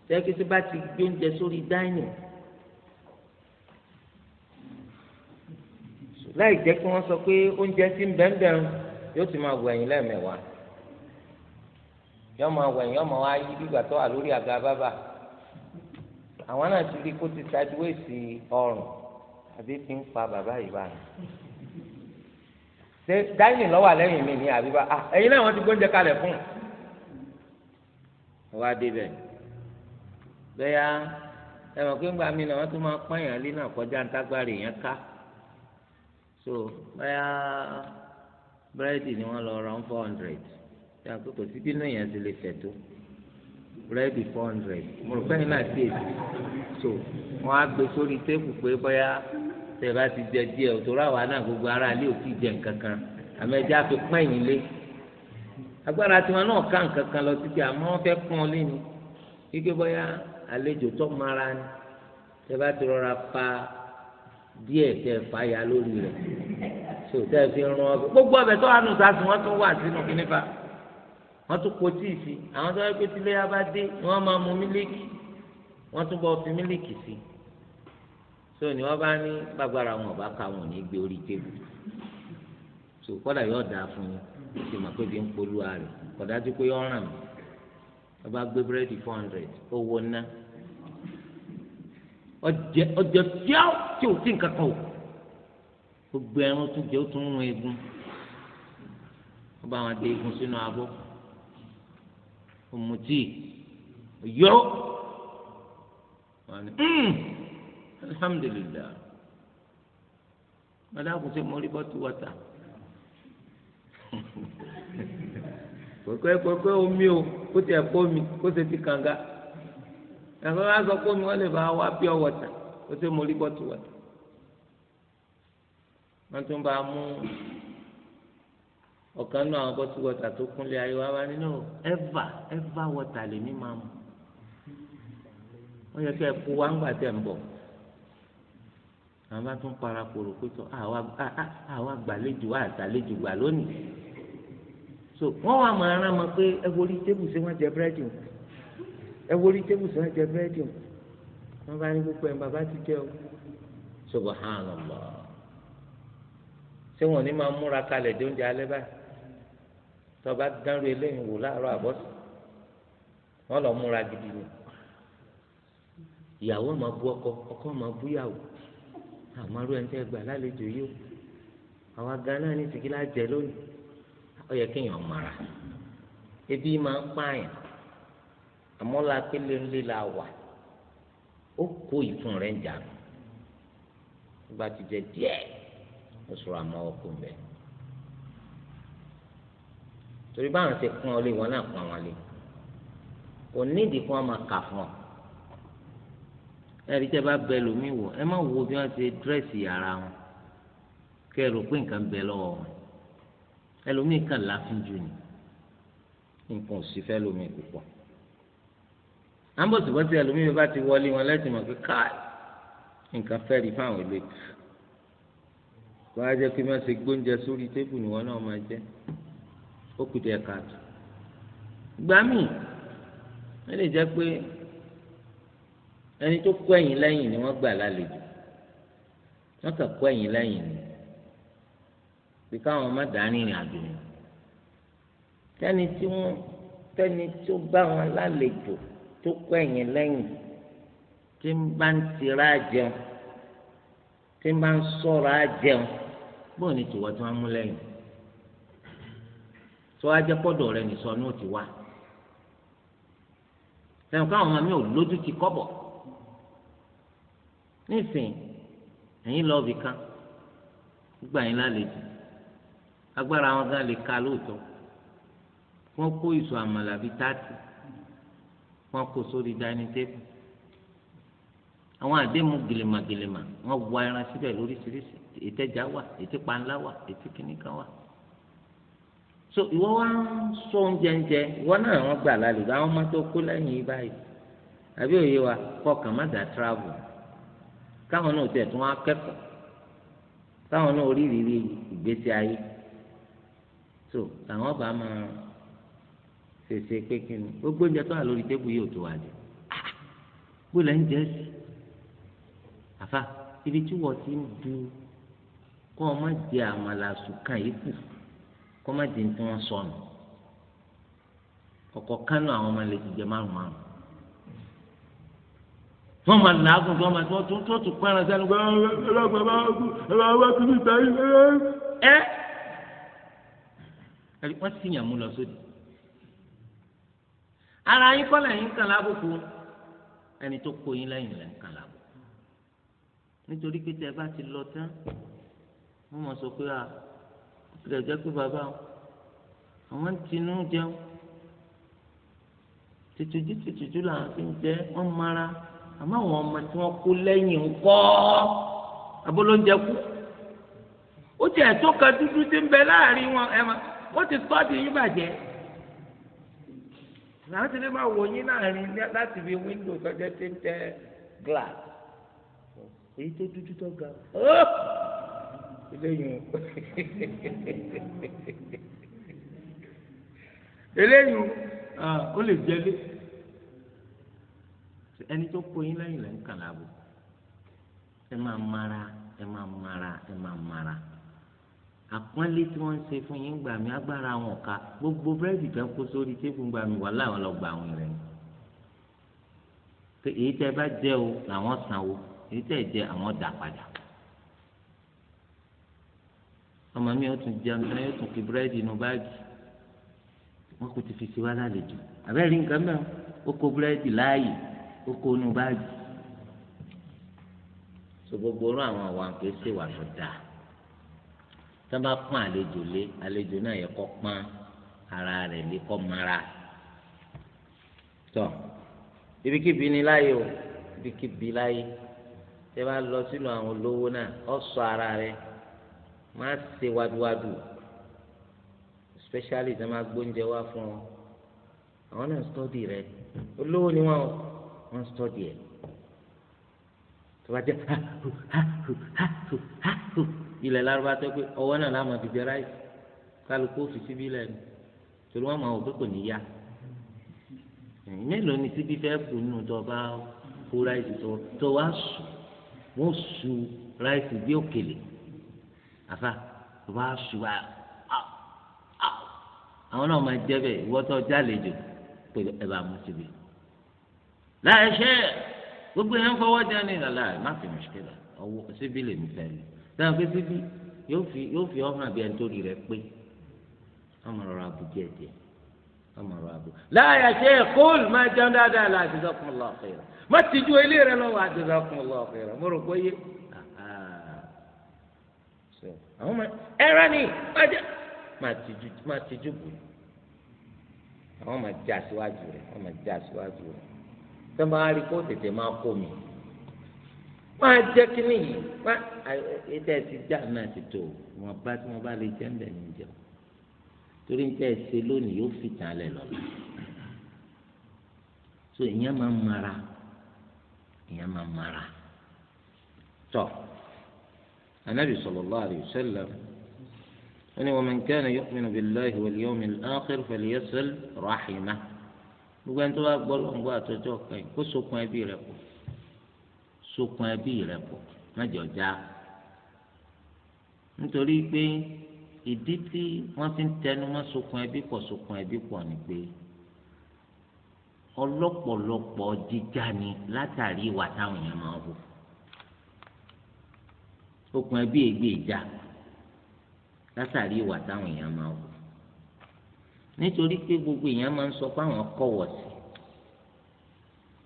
tẹ́kí tó bá ti gbé oúnjẹ sórí dáìnì láì jẹ́ kí wọ́n sọ pé oúnjẹ ti ń bẹ́ẹ̀ bẹ́ẹ̀ yóò ti máa wọ ẹ̀yìn lẹ́ẹ̀mẹ̀wàá yọ máa wẹ̀ yọ máa wá yí bígbà tó wà lórí àga bábà àwọn náà ti rí kó ti ṣàdúwèsì ọrùn àbí ti ń pa bàbá yìí báyìí ṣe dáìnì lọ́wọ́ àlẹ́yìn mi ní àbíbá ẹ̀yin náà wọ́n ti gbóúnjẹ kalẹ̀ fún un wá débẹ̀ bẹ́yà ẹ mọ̀ pé ńgbà mi náà wọ́n tún máa pọ́nyàn lé náà kọjá ntágbárì yẹn ká so bẹ́yà búrẹ́dì ni wọ́n lọ ra four hundred ṣe àkókò sí bínú èèyàn ti lè fẹ̀ tó four hundred mo rò pé ní náà sí èsì so wọ́n á gbé sórí téèpù pé bóyá tẹ̀ bá ti jẹ díẹ̀ òtòrò àwa náà gbogbo ara ilé ò tí ì jẹ nǹkan kan àmọ́ ẹja fi pọ́n ẹ̀yìn lé agbára tiwọn náà ká nǹkan kan lọ títí àmọ́ wọ́n fẹ́ pọ́n lé ni kíkẹ́ bóyá àlejò tó mara ni tẹ́ bá ti rọra pa díẹ̀ tẹ́ fà ya lórí rẹ̀ so tẹ́ fi rán ọ gbogbo ọbẹ̀ tó wà nù sásùn wọ́n tún wà sínú kínífà wọ́n tún po tíì sí àwọn tó wá pé tí iléyà bá dé ni wọ́n máa mu mílíkì wọ́n tún bọ́ fi mílíkì sí so ni wọ́n bá ní gbàgbára wọn ọba ká wọn ní gbé orí tébù so kọ́dà yóò dáa fún yín ó sì mọ̀ pé bí ń polúwa rẹ̀ kọ̀dá tó pé ọ̀ràn mi wọ́n bá gbé búrẹ́dì four hundred ó wo ná ọjẹ ọjẹ fíáwó tí ò sí nǹkan kan o gbogbo ẹran tún jẹ ó tún ń rún eegun wọ́n bá wọn dé eegun sínú abọ́ ọ̀mùtí yó wọn ni alhamdulilayi mọdàkùn sí mọ rìbọ tu wọta kòkó kòkó omi o kó tiẹ̀ kó mi kó ṣe ti kànga ẹ̀fọ́ wa sọ kó mi wọ́n lè bá wa pure water kó ṣe mọ rìbọ tu wọta wọ́n tún bá mú ọ̀kan náà àwọn bọ́tí wọ́tà tó kúnlẹ̀ ayé wa wá nínú ẹ̀fà ẹ̀fà wọ́tà lèmi máa mu wọ́n yẹ kẹ́ ẹ kó wa ńgbà tẹ̀ ń bọ̀ àwọn bá tún para kòrò pé tọ́ àwa gbàlejò wa àtàlejò gbà lónìí so wọ́n wà máa rán ma pé ẹ wọlé tébù sí wọ́n jẹ búrẹ́dì o ẹ wọlé tébù sí wọ́n jẹ búrẹ́dì o wọ́n bá ní púpọ̀ ẹ̀ bàbá ti jẹ́ o subhanallah ṣé wọ́n ní máa múra kalẹ̀ dé oúnjẹ alẹ́ báyìí tọba dánrò eléyìí wò láàárọ̀ àbọ̀sùn wọn lọ múra gidi ni ìyàwó máa bú ọkọ ọkọ máa bú ìyàwó àmọ́ arú ẹni tẹ́ gbà lálejò yìí o àwa ganan ní tìkílà jẹ lónìí ó kéèyàn mara ebi máa ń pààyàn àmọ́ la pélé ńlé la wà ó kó ìfun rẹ̀ ń jà nígbà tí jẹ díẹ̀ ó sọ̀rọ̀ àmọ́ ọkùnrin bẹ́ẹ̀ torí báwọn ṣe kún ọ lé wọn náà kún àwọn lé kò nídìí kí wọn máa kà fún ọ ẹbí tẹ bá bẹ lómi wò ẹ má wo bí wọn ṣe dírẹ́sì ara wọn kẹ ẹ rò pé nǹkan bẹ lọ́wọ́ wọn ẹlòmíì kàn láàfin jù ní nǹkan ò sí fẹ́ lómi púpọ̀ à ń bọ̀ síbọ̀ bá ti wọlé wọn lẹ́sìn mọ̀ pé káì nǹkan fẹ́ rí fáwọn ilé wọ́n á jẹ́ pé má ṣe gbóúnjẹ sórí tébù ni wọ́n náà máa jẹ́ ó kù díẹ̀ káàtó ìgbà míì wọ́n lè jẹ́ pé ẹni tó kó ẹ̀yìn lẹ́yìn ni wọ́n gbà lálejò wọ́n kàn kó ẹ̀yìn lẹ́yìn ni bí káwọn má dání ìrìn àjò ni tẹ́ni tí wọ́n tẹ́ni tó bá wọn lálejò tó kó ẹ̀yìn lẹ́yìn tí ń bá ń tira jẹun tí ń bá ń sọ̀rọ̀ jẹun bóun ni tìwọ́ tí wọ́n mú lẹ́yìn. tó wá jẹ́ pọ́dọ̀ rẹ nìsọ ní òtí wá sẹ́wọ̀n káwọn ọmọ mi ò lójú ti kọ́bọ̀ nísìnyí ẹ̀yin lọ́ọ̀bì kan gbogbo àyìn lálejò agbára wọn gan lè ka lóòótọ́ wọ́n kó ìsọ àmàlà táàtì wọ́n kó sórí dání tébù àwọn àdéhùn gèlèmàgèlèmà wọ ẹran lóríṣiríṣi wà wà so ìwọ wá ń sọ oúnjẹ ń jẹ ìwọ náà wọn gbà lálejò àwọn ọmọ tó kó lẹ́yìn báyìí àbí òye wa kọkàn má dà travel káwọn náà tẹ̀ tún wá kẹ́kọ̀ọ́ káwọn náà rí ìrírí ìgbésí ayé so làwọn bá máa fèsì pé kí ni gbogbo oúnjẹ tó wà lórí tébù yìí ò tó wà jẹ gbọ́dọ̀ ah, ń jẹ́ sí àfa ibi tí wọ́n ti ń du kọ́ ọ má jẹ àmàlà sùn kàn yìí kù kọ́mọ̀dé tí wọ́n sọnù ọkọ̀ kánú àwọn ọmọ ilé ti jẹ márùn márùn wọ́n máa làágùn tí wọ́n máa tó tó tó tó pẹ́ ẹran sẹ́nu pé ọlọ́pàá bá kú ẹ̀rọ àwọn kìíní ìta yìí ẹ́ ẹ́ wọ́n sì yàn mú lọ sódì ara yín kọ́ lẹ́yìn kan lábùkù ẹni tó kó yín lẹ́yìn lẹ́yìn kan lábùkù nítorí pé tẹ́ ẹ bá ti lọ tán wọ́n mọ̀ sọ pé ìdàjẹ́ pé bàbá àwọn ń tinú jẹun tìtìjú tìtìjú làwọn fi jẹ mara àmọ́ àwọn ọmọ tí wọ́n kú lẹ́yìn ń kọ́ kú ó dúdú tí ń bẹ láàrin wọn ẹ̀ ma wọ́n ti tọ́ di yín bàjẹ́ yín láàrin láti fi wíńdò ń tẹ èyí tó dúdú ga eléyìí eléyìí ó lè jẹlé ẹni tó kó yín lẹ́yìn lẹ́yìn kàlà bò ẹ máa mara ẹ máa mara ẹ máa mara àpọ́nlé tí wọ́n ń ṣe fún yín gbà mí agbára wọn ká gbogbo búrẹ́dì kan kó sórí tébù gbà mí wà láwọn lọ gbà wọn rẹ̀ èyí tẹ́ bá jẹ́ o làwọn sanwó èyí tẹ́ jẹ́ àwọn dà padà ọmọ mi ó tún jẹun tán yóò tún kí búrẹ́dì inú báàgì wọn kò ti fi sí wa lálejò àbẹ́rẹ́ nǹkan mẹ́wọ́n ó kó búrẹ́dì láàyè ó kó inú báàgì so gbogbo orú àwọn àwọn àǹkè ṣe wà tó dáa tá a bá pọ́n àlejò lé àlejò náà yẹ kó pọ́n ara rẹ̀ lé kó mara tọ́ ibikíbi ni láyé o ibikíbi láyé tẹ́ bá lọ sínú àwọn olówó náà ó sọ ara rẹ̀ má se wádùwádù especially tí wọ́n máa gbóúnjẹ wá fún ọ àwọn náà ń stọ́dì rẹ olówó ni wọ́n wọ́n ń stọ́dì ẹ̀ tó bá jẹ́ ilẹ̀ lárúbá tó pé ọwọ́ náà láwọn fi jẹ ráìsì kálukú òfin síbí lẹ̀ ni torí wọ́n máa wò pé kò ní yá mélòó ni síbí fẹ́ kù nínú tó bá kó ráìsì tó wá sùn wọ́n sùn ráìsì bí òkèlè àfa tó bá ṣùgbà àwọn náà máa jẹ́ bẹ́ẹ̀ ìwọ́tọ̀ jálejò pé ẹ bá mú síbi láì ṣe gbogbo yẹn ń fọwọ́ jẹ́ ní ìlàlá ẹ̀ má fi mùsùlùmí là ọwọ́ síbí lè mí fẹ́ lè dáhùn pé síbí yóò fi yóò fi ọ̀hún àbí ẹni tó rí rẹ pé ọmọ rọra bu díẹ̀ díẹ̀ ọmọ rọra bu. láì ṣe kóòl máa jẹun dáadáa láti sọkùn lọ ọ̀kẹ́rẹ́ má tìjú ilé rẹ lọ́wọ́ àti sọkùn lọ ọ̀kẹ́rẹ́ mo rò pé yé àwọn máa ẹ̀rọ ni májá máa tijú bò ní àwọn máa já síwájú rẹ̀ àwọn máa já síwájú rẹ̀ tẹ́lẹ̀ bá rí kó tètè máa kó mi máa jẹ́ kínní yìí má ètò ẹ̀sìn já náà ti tò wọn bá tí wọn bá lè jẹ́ ń bẹ̀ ní jẹun torí níta ẹ̀sìn lónìí yóò fi tàn án lẹ̀ so ìyẹn máa ń mara ìyẹn máa ń mara tọ́. So, النبي صلى الله عليه وسلم أن ومن كان يؤمن بالله واليوم الآخر فليصل رحمه gbogbo ẹni tó bá gbọ́ lọ́n gbọ́ àtọ́jọ́ kan kó sokun ẹbí rẹ̀ pọ̀ sokun ẹbí rẹ̀ pọ̀ mẹ́jọ já nítorí pé ìdí tí wọ́n fi ń tẹnu mọ́ sokun ẹbí pọ̀ sokun ẹbí pọ̀ ni pé ọlọ́pọ̀lọpọ̀ jíjà ni látàrí ìwà táwọn èèyàn máa ń wò okùn ẹbí ègbè ìjà látàrí ìwà táwọn èèyàn máa wù nítorí pé gbogbo èèyàn máa ń sọ pé àwọn kọ̀wọ̀ sí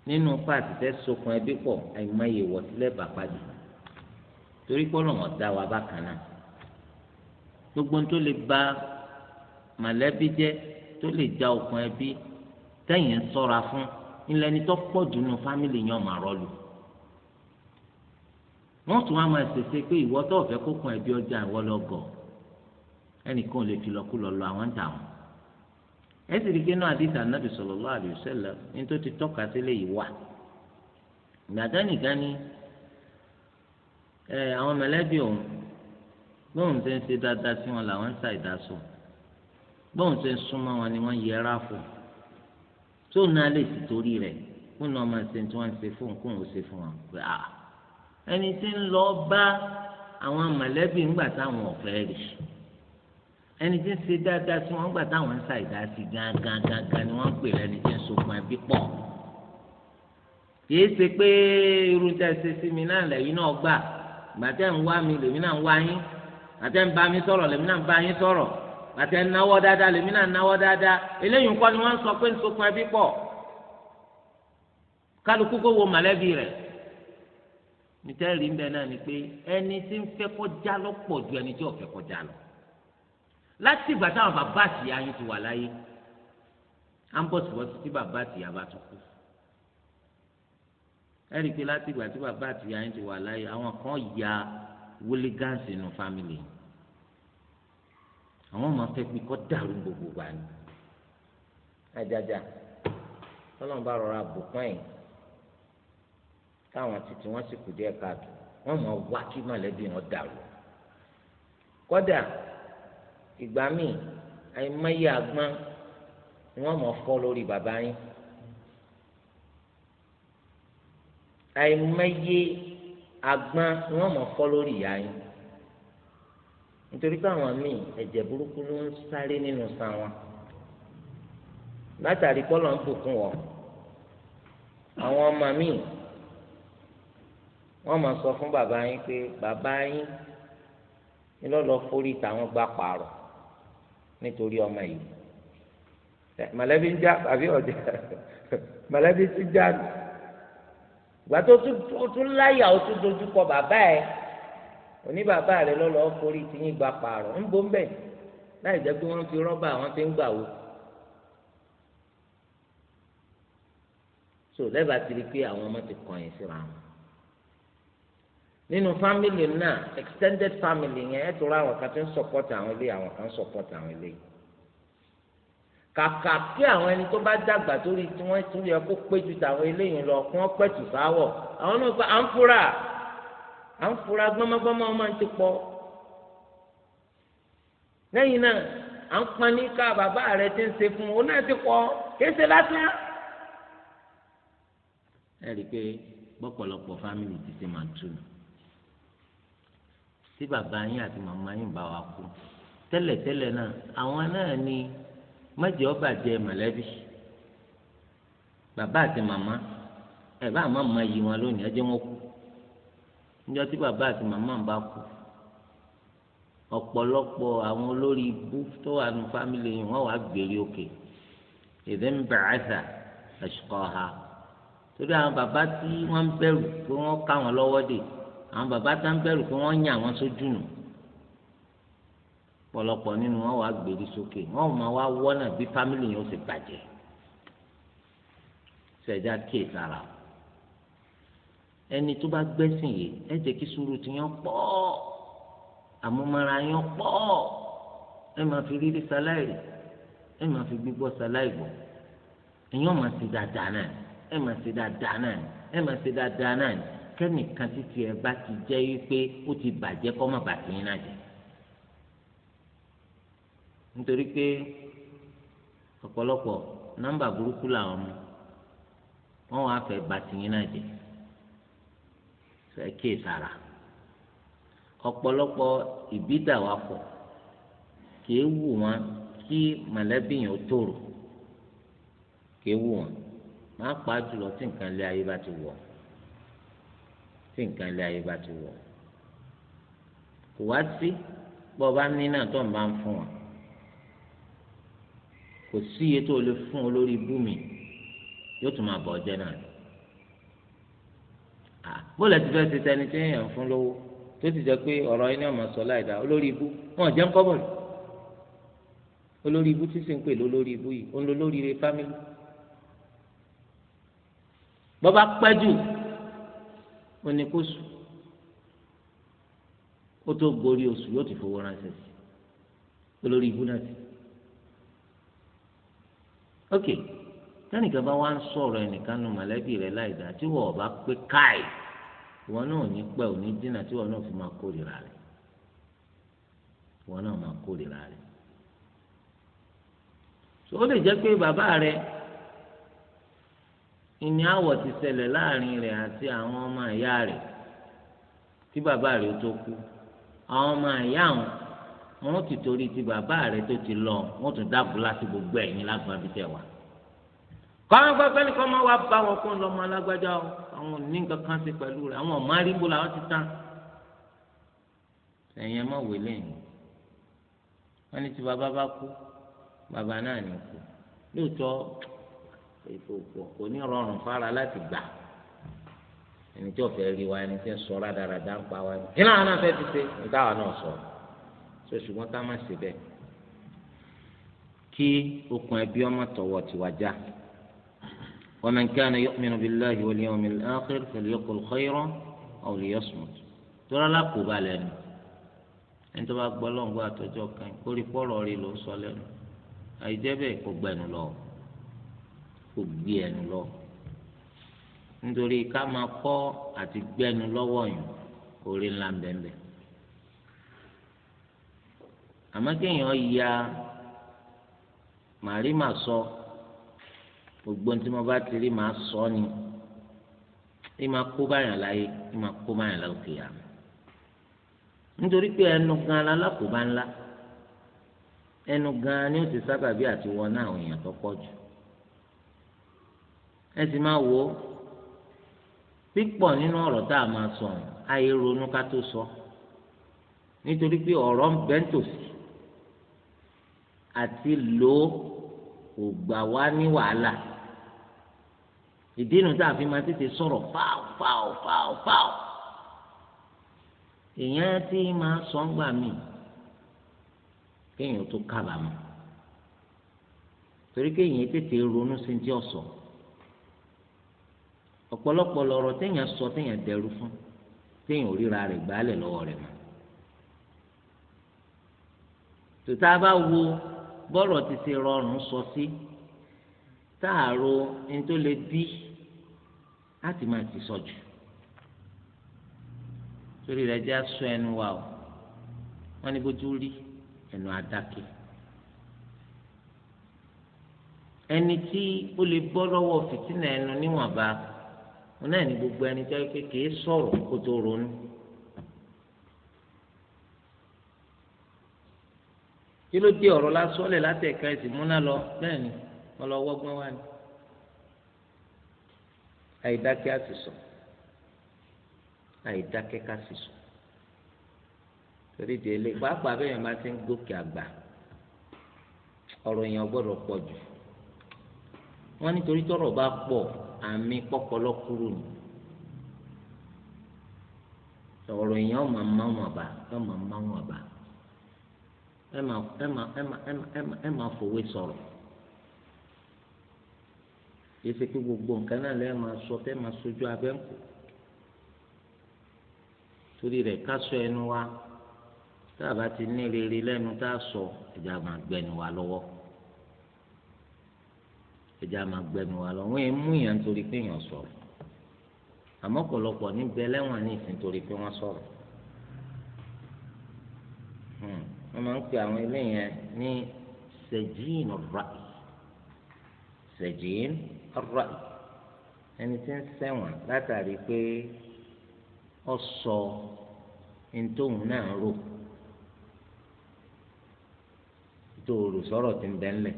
nínú páàtì tẹ́ sokùn ẹbí pọ̀ àìmọye wọ̀ sílẹ̀ bàbá jù torí pé ọlọ́wọ́n dá wa bákan náà gbogbo tó lè ba mọ̀lẹ́bí jẹ́ tó lè ja okùn ẹbí tẹ̀yìn sọ́ra fún ńlẹ́ni tó pọ̀ jù nù fámìlì yẹn ọ̀mà rọ́ọ̀lù wọ́n tún wá máa ṣèṣe pé ìwọ tó fẹ́ kó kun ẹbí ọjà ìwọ lọ gọ̀ ẹnìkan ò lè fi lọ́kú lọ lọ àwọn ń tà wọ́n. ẹ sì rí kínú àdìsí ànábì sallallahu alaihi wasallam ní tó ti tọ́ka sílé yìí wà. ìgbàdá nìkan ni àwọn mẹ̀lẹ́bí òun bóun ṣe ń ṣe dáadáa sí wọn làwọn ń ṣà ìdásọ bóun ṣe ń súnmọ́ wọn ni wọ́n yẹra fún tóun náà lè sì torí rẹ̀ kóun náà máa ṣe tí wọ́n ń ṣe fóun kóun ó ṣe fún wọn pé àà ah, ẹni tí ń lọ bá àwọn mọ̀lẹ́bí ńgbà táwọn ọ̀fẹ́ rí ẹni tí ń ṣe dáadáa sí wọn gbà táwọn ń ṣàìdá sí gangan gangan ni wọ́n ń pè lẹ́ni tí ń sokun ẹbí pọ̀ kìí ṣe pé irú tí a ṣe sí mi náà lẹ́yìn náà gbà gbàtẹ́ ń wá mi lèmi náà ń wá yín gbàtẹ́ ń bá mi sọ̀rọ̀ lèmi náà ń bá yín sọ̀rọ̀ gbàtẹ́ ń náwó dáadáa lèmi náà ń náwó dáadáa eléyìí nǹkan ni wọ́n sọ pé ń sokun ẹbí pọ̀ kálukú kó wo mọ̀lẹ́bí rẹ̀ nítẹ̀rí ń bẹ náà ni pé ẹni tí ń fẹ́ kọjá lọ pọ̀ ju ẹni tí ò fẹ́ kọjá lọ láti ìgbà táwọn bàbá àtìyá yín ti wà láyé à ń bọ̀ síbọ̀ títí bàbá àtìyá bá tún kú ẹ̀rí pé láti ìgbà tí bàbá àtìyá yín ti wà láyé àwọn kan ya wílígánsì nù fámìlì yìí àwọn ọmọ fẹ́ pé kọ́ dàrú gbogbo wa ni ajaja ọlọ́run bá rọra bùkún ẹ̀yìn táwọn títí wọ́n sì kù díẹ̀ káàtó wọ́n mọ̀ wá kí mọ̀lẹ́bí wọn dàrú kódà ìgbà míì àìmọye àgbọn ni wọ́n mọ̀ fọ́ lórí bàbá yín àìmọye àgbọn ni wọ́n mọ̀ fọ́ lórí ìyá yín nítorí káwọn míì ẹ̀jẹ̀ burúkú ló ń sáré nínú san wọn látàrí kọ́lọ̀ ń bùkún wọ àwọn ọmọ míì wọ́n máa sọ fún bàbá yín pé bàbá yín ni lọ́lọ́ forí tàwọn gbà pààrọ̀ nítorí ọmọ yìí mọ̀lẹ́bí ń já àbí ọ̀jà mọ̀lẹ́bí ti já gbà tó tún láyà ó tún dojú kọ bàbá ẹ̀ òní bàbá rẹ̀ lọ́lọ́ forí tìyín gbà pààrọ̀ ń bọ́ ń láì jẹ́ pé wọ́n fi rọ́bà wọ́n fi ń gbà wò. so lẹ́bàá ti rí i pé àwọn ọmọ ti kọ̀yìn síra wọn nínú family náà extended family yẹn ẹ tóra àwọn kan tó ń sọpọ́tì àwọn ilé àwọn kan ń sọpọ́tì àwọn ilé kàkà kí àwọn ẹni tó bá dàgbà torí tí wọ́n tún yẹ kó pé ju tàwọn eléyìí lọ kí wọ́n pẹ̀tù sáwọ̀ àwọn náà pa à ń fura à ń fura gbọ́mọgbọ́mọ máa ń ti pọ̀ lẹ́yìn náà à ń pọn ní ká bàbá rẹ ti ń ṣe fún un náà ti pọ̀ kéṣe lásán. ẹ rí i pé gbọ́pọ̀lọpọ̀ fámìlì ti ṣe máa tún un tí bàbá yín àti màmá yín bá wa kú tẹ́lẹ̀tẹ́lẹ̀ náà àwọn náà ni mẹ́jẹ ọba jẹ mọ̀lẹ́bí bàbá àti màmá ẹ̀ bá àmọ́ mọ iyì wọn lónìí ẹ jẹ́ wọn kú níjọ́ tí bàbá àti màmá ń bá kú ọ̀pọ̀lọpọ̀ àwọn olórí ibú tó wà nù fámìlì yìí wọ́n wà gbèrè òkè èdè ń bẹ̀rẹ̀ àṣà ẹ̀ṣùkọ̀ ha torí àwọn bàbá tí wọ́n ń bẹ̀rù pé wọ́n ká lọ́wọ́ dè àwọn bàbá tá ń bẹ̀rù pé wọ́n yàn wọ́n sójú nù pọ̀lọpọ̀ nínú wọn wàá gbèrú sókè wọn ò máa wá wọ́nà bí fámìlì yẹn ó sì bàjẹ́ sẹ̀dá kíè sára ẹni tó bá gbẹ́sìn yìí ẹ jẹ́ kí sùúrù ti yàn pọ̀ àmúmọ́ra yàn pọ̀ ẹ máa fi rírí sáláìrì ẹ máa fi gbígbọ́ sáláìgbọ̀ ẹ̀yàn máa ṣe dáadáa náà ẹ máa ṣe dáadáa náà ẹ máa ṣe dáadáa náà tẹnìkan títí ẹ bá ti jẹ́ wípé ó ti bàjẹ́ kọ́ mọ̀ bàtí yín náà jẹ́ nítorí pé ọ̀pọ̀lọpọ̀ nọ́mbà burúkú làwọn mú wọ́n wá fẹ́ bàtí yín náà jẹ́ sọ ẹ kíyè sára ọ̀pọ̀lọpọ̀ ìbídàwápọ̀ kìí wù wọn kí mọ̀lẹ́bí yẹn ó tòrò kìí wù wọn má pa jùlọ tí nǹkan lé ayé bá ti wọ̀ ọ́ tí nǹkan ilé ayé bá ti wọ̀ kò wá sí bọ́ ọ bá ní náà tó ń bá ń fún wa kò sí iye tó lè fún ọ lórí ibú mi yóò tún máa bọ̀ ọjọ́ náà bóòlù ẹ ti fẹ́ ṣe tẹni tí èèyàn fún lówó tó ti jẹ́ pé ọ̀rọ̀ yín náà máa sọ láìda olórí ibú wọn ò jẹ́ ń kọ́bọ̀ olórí ibú tí sì ń pè lólórí ibú yìí ó ń lo fámìlì bọ́ bá pẹ́ jù ó ní kó sùn ó tó gorí oṣù yóò ti fowó sí olórí ibú náà ok tẹ́nìkan bá wá ń sọ̀rọ̀ ẹnìkan nu mọ̀lẹ́bí rẹ̀ láì dá tí bá pé káì náà ní ò ní dínà tí náà fi máa kórìíra rẹ̀ ìwọ náà máa kórìíra ó lè jẹ́ pé bàbá ìní àwọ̀ ti ṣẹlẹ̀ láàrin rẹ̀ àti àwọn ọmọ ìyá rẹ̀ tí bàbá rẹ̀ tó kú àwọn ọmọ ìyá wọn wọn ti torí ti bàbá rẹ̀ tó ti lọ wọn tún dáàbò láti gbogbo ẹ̀yìn lágbàbí tẹ̀ wá. kọ́mọ gbọ́gbẹ́ nìkan máa wá bá wọn kó lọ́mọ alágbájá o àwọn ò nǹkan kan ṣe pẹ̀lú rẹ̀ àwọn ọ̀mọ arígbó làwọn ti tán. ẹ̀yin ẹ má wèlé yìí wọ́n ní tí bàbá bá kú bàbá náà ní kú lóòótọ́ ètò pọ̀ kò ní rọrùn fara láti gbà ẹni tí ọ̀fẹ́ rí wa ẹni tí ń sọ rádaràdá ń pa wa ni kí náà náà fẹ́ ti ṣe ní táwa náà sọ ṣé ṣùgbọ́n ká má ṣe bẹ́ẹ̀ kí okùn ẹbí ọmọ tọwọ́ tiwa já ومن كان يؤمن بالله واليوم الآخر فليقل خيرا أو ليصمت ترى لا قبال ẹni tó bá gbọ́ lọ́ngbọ́ àtọ́jọ́ kan kórìkọ́rọ̀ rí ló sọ lẹ́nu àìjẹ́ bẹ́ẹ̀ kó gbẹ̀nu lọ́wọ́. kò gbé ẹnu lọ nítorí ká máa kọ́ àti lọwọ lọ́wọ́ yìí orí ńlá bẹ́ẹ̀ àmọ́ kéèyàn ya màrí màá sọ gbogbo tí mo bá ti rí màá sọ ni ẹ máa kó báyàn láyé ẹ máa kó lókè nítorí pé ẹnu gan alákòóbá ńlá ẹnu gan ni ó ti sábàbí àti wọ náà àwọn pọ̀ jù ẹ sì máa wò ó pípọ̀ nínú ọ̀rọ̀ tá a máa sọ ayé ronú ká tó sọ nítorí pé ọ̀rọ̀ ń bẹ́ ń tòsí àti lò ó kò gbà wá ní wàhálà ìdí inú tá a fi máa tètè sọ̀rọ̀ fáw fáw fáw fáw èèyàn ti máa sọ ń gbà mí kéèyàn tó kábàámọ̀ torí kéèyàn tètè ronú sí ti ọ̀sọ̀ ọ̀pọ̀lọpọ̀ lọ̀rọ̀ téèyàn sọ téèyàn dẹrú fún téèyàn ò ríra rẹ̀ gbálẹ̀ lọ́wọ́ rẹ̀ mọ́. tòtá bá wo bọ́rọ̀ ti ṣe rọrùn sọ sí táàrò ní tó lè bí láti máa ti sọ jù torí rẹ̀ jẹ́ aṣọ ẹnu wa o wọ́n ní bójú rí ẹnu adáké ẹni tí ó lè bọ́ lọ́wọ́ fìtínà ẹnu níwọ̀nba wọn náà ní gbogbo ẹni tó yẹ kí ẹ sọ̀rọ̀ kó tó ronú. kí ló dé ọ̀rọ̀ lásọ̀lẹ̀ látẹ̀ka ẹ̀sìn múná lọ bẹ́ẹ̀ ni wọn lọ wọ́gbọ́n wá ni. àìdákẹ́ àti sọ àìdákẹ́ ká sì sọ torí délé pàápàá bẹ́ẹ̀ yẹn máa ti ń gòkè àgbà ọ̀rọ̀ yẹn gbọ́dọ̀ pọ̀ jù wọ́n nítorí tọ́rọ̀ bá pọ̀ àmì pọ́pọ́lọ́ kúrò ní. sọ̀rọ̀ èèyàn máa má wọn bá yóò máa má wọn bá ẹ máa ẹ máa ẹ máa ẹ máa ẹ máa fòwe sọ̀rọ̀ yìí ṣe pé gbogbo nǹkan náà lẹ́ẹ̀ máa sọ tẹ́ máa sojú abẹ́ ń torí rẹ̀ ká ẹnu wa tá a bá ti ní rere lẹ́nu tá a sọ ẹ̀dá máa wa lọ́wọ́ ẹja máa gbẹnu wa lọ wọn mú yàn nítorí pé yàn sọ̀rọ̀ àmọ́ ọ̀pọ̀lọpọ̀ níbẹ̀ lẹ́wọ̀n ní ìsìn torí pé wọ́n sọ̀rọ̀ hmm. wọ́n máa ń pe àwọn eléyẹn ní sejin ọ̀rọ̀ì sejin ọ̀rọ̀ì ẹni tí ń ṣẹ̀wọ̀n látàrí pé ọ sọ ntóhùn náà rò tó rò sọ̀rọ̀ ń bẹ́ ńlẹ̀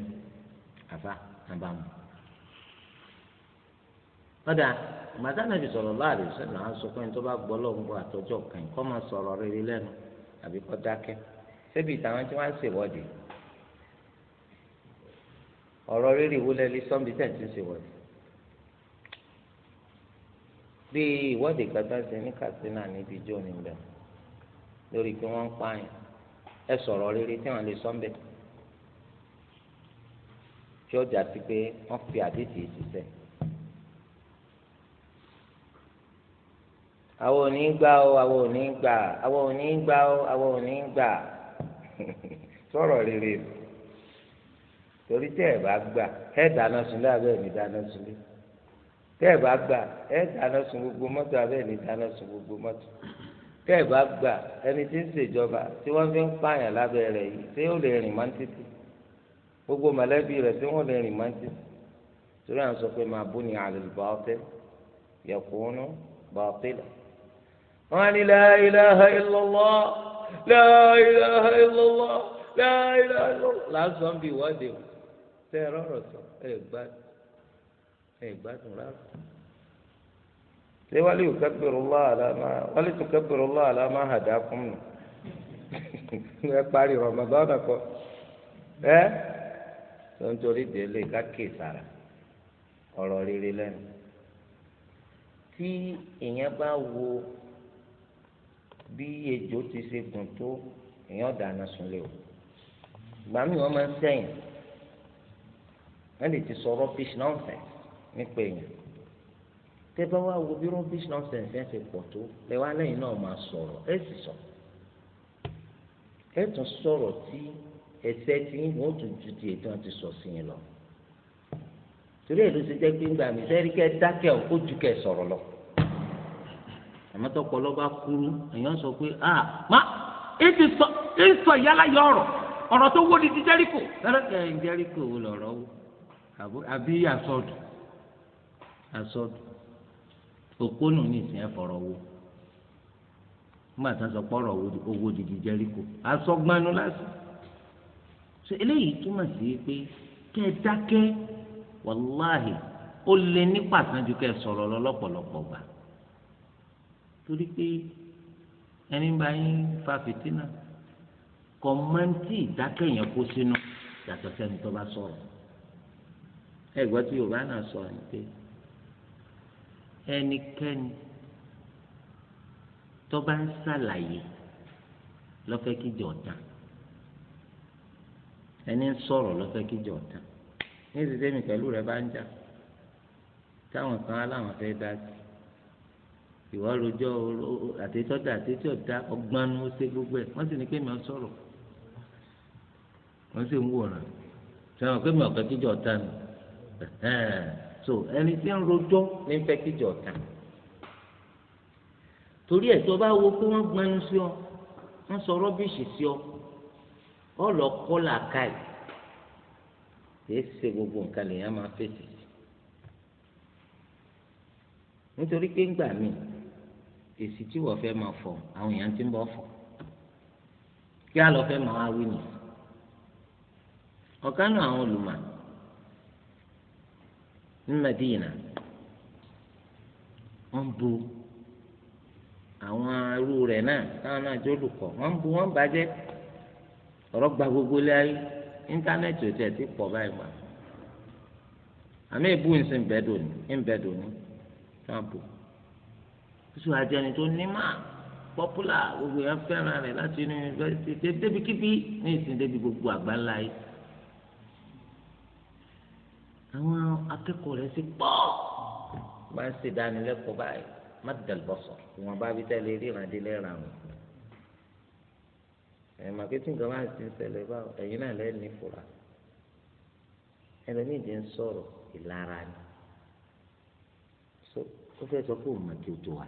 àfa. àbámu. ọ̀dà màtá nàbì sọ̀rọ̀ láàrin sẹ́nu à ní tó bá gbọ́ lọ́gbọ́ àtọ́jọ́ kan kọ́ máa sọ̀rọ̀ rere lẹ́nu àbí kọ́ dákẹ́ ṣebí ìtàwọn tí wọ́n ń ṣèwọ́de ọ̀rọ̀ rere ìwúlẹ̀ lé sọ́ńbí tẹ̀ ti ń bí ìwọ́de ṣe ní Katsina níbi lórí pé wọ́n ń pààyàn ẹ sọ̀rọ̀ rere tí tí ọjà pe pé fi àdéhìí ṣiṣẹ́. àwọn òní gbà ó àwọn òní gbà àwọn òní gbà ó àwọn òní gbà rere torí tẹ́ ẹ̀ bá gbà ẹ̀ dáná sunlé abẹ́ mi dáná sunlé tẹ́ bá gbà gbogbo mọ́tò abẹ́ mi dáná sun gbogbo mọ́tò tẹ́ ẹ̀ bá gbà ẹni tí fi ń pààyàn lábẹ́ rẹ̀ yìí o ó lè rìn gbogbo mọ̀lẹ́bí rẹ̀ tí wọ́n lè rìn máa ń tì torí àwọn sọ pé máa bú ni àlùbá ọtẹ yẹkùnún bá ọtẹ lọ. wọ́n á ní la ilaha illallah la ilaha illallah la ilaha illallah lásán bí ìwọ́de o tẹ ẹ rọrọ̀ sọ ẹ gbádùn ẹ gbádùn rárá. ṣé wálé yóò kẹ́bìrún lọ́àlá máa wálé tó kẹ́bìrún lọ́àlá máa hàdá fún mi. ẹ parí Ramadan kọ ẹ tó ń torí délé kákè sára ọ̀rọ̀ rere lẹ́nu tí èèyàn bá wo bí ejò ti ṣe gùn tó èèyàn dáná sunlé o ìgbà míì wọ́n máa ń sẹ́yìn wọ́n lè ti sọ rubbish nonsense nípa èèyàn tẹ́ bá wá wo bí rubbish nonsense ẹ̀ ṣe pọ̀ tó ẹ wá lẹ́yìn náà máa sọ̀rọ̀ ẹ sì sọ ẹ tún sọ̀rọ̀ tí ẹsẹ tí wọn tún ju ti ètò àti sọsìn lọ torí èlò ti jẹ pé ńgbà mi sẹríkẹ dákẹ́ ọkọ ju kẹ sọ̀rọ̀ lọ àmọtọpọ lọba kúrú èèyàn sọ pé a má ètò sọ ètò ìyálà yọ ọ̀rọ̀ ọ̀rọ̀ tó wó ni ti jẹríkò sẹríkẹ jẹríkò wò lọ́rọ̀ wò àbí àsọdù àsọdù òpónù ní ìsìn ẹfọrọ wò nígbà tí wọn sọ pé ọ̀rọ̀ owó di jẹríkò asọgbanu lásìkò so eléyìí túmọ̀ sí pé kẹ́ ẹ dákẹ́ wàláhì ó lé ní pàtàkì ju kẹ́ ẹ sọ̀rọ̀ lọ lọ́pọ̀lọpọ̀ gbà torí pé ẹni bá yín fa fìtínà kọ̀mọ́ntì ìdákẹ́ yẹn kó sínú yàtọ̀ sẹ́ni tó bá sọ̀rọ̀ ẹ gbọ́ tí Yorùbá náà sọ ni pé ẹnikẹ́ni tó bá ń ṣàlàyé lọ́fẹ́ kíjọ ọ̀tàn ẹni ń sọ̀rọ̀ lọ́fẹ́ kíjọ tán ní ìdílé mi pẹ̀lú rẹ bá ń jà táwọn kan aláwọn fẹ́ dá sí ìwọ rojọ́ àtẹtọdà àtẹtí ọdá ọgbọ́n ni ó ṣe gbogbo ẹ wọ́n sì ní pé mi ò sọ̀rọ̀ wọ́n sì ń wòran sẹ́wọ̀n pé mi ò fẹ́ kíjọ ọ̀tá nù so ẹni tí ń rojọ́ ní fẹ́ kíjọ ọ̀tá torí ẹ̀ tó bá wo pé wọ́n gbanu sí ọ wọ́n sọ rọ́bìṣì sí ọ ọlọ kọ́ làákàyè kìí ṣe gbogbo nǹkan lèèyàn máa fèsì nítorí pé ńgbà míì èsì tí wọ́n fẹ́ máa fọ àwọn èèyàn ti ń bọ̀ fọ kí á lọ fẹ́ máa wí nì ọ̀kan náà àwọn olùmọ̀ ní Madina wọ́n bu àwọn arú rẹ̀ náà táwọn náà jólùkọ́ wọ́n bu wọ́n bàjẹ́ ọ̀rọ̀ gba gbogbo ilé ayé íńtánẹ́ẹ̀tì ò tiẹ̀ ti pọ̀ báyìí mọ́ àmì ìbú nsì ń bẹ́ẹ̀ dòní ń bẹ́ẹ̀ dòní sáàbù oṣù àjẹni tó ní mà pọ́pùlà gbogbo yẹn fẹ́ràn rẹ̀ láti inú yunifásitì débikíbi ní ìsìn débi gbogbo àgbáńlá yìí àwọn akẹ́kọ̀ọ́ rẹ̀ sì pọ̀ máa ń ṣèdánilẹ́kọ̀ọ́ báyìí má dàlbọ̀sọ̀ ìwọ̀nba bíi tẹ́lẹ̀ ríran délé ràn wọ́n ẹ̀yìn màkẹ́tì nǹkan máa ń sin ṣẹlẹ̀ báwo ẹ̀yìn náà lẹ́nu ìfura ẹlẹ́mìí ti ń sọ̀rọ̀ ìlara ni ó fẹ́ sọ pé òun kí o tó wa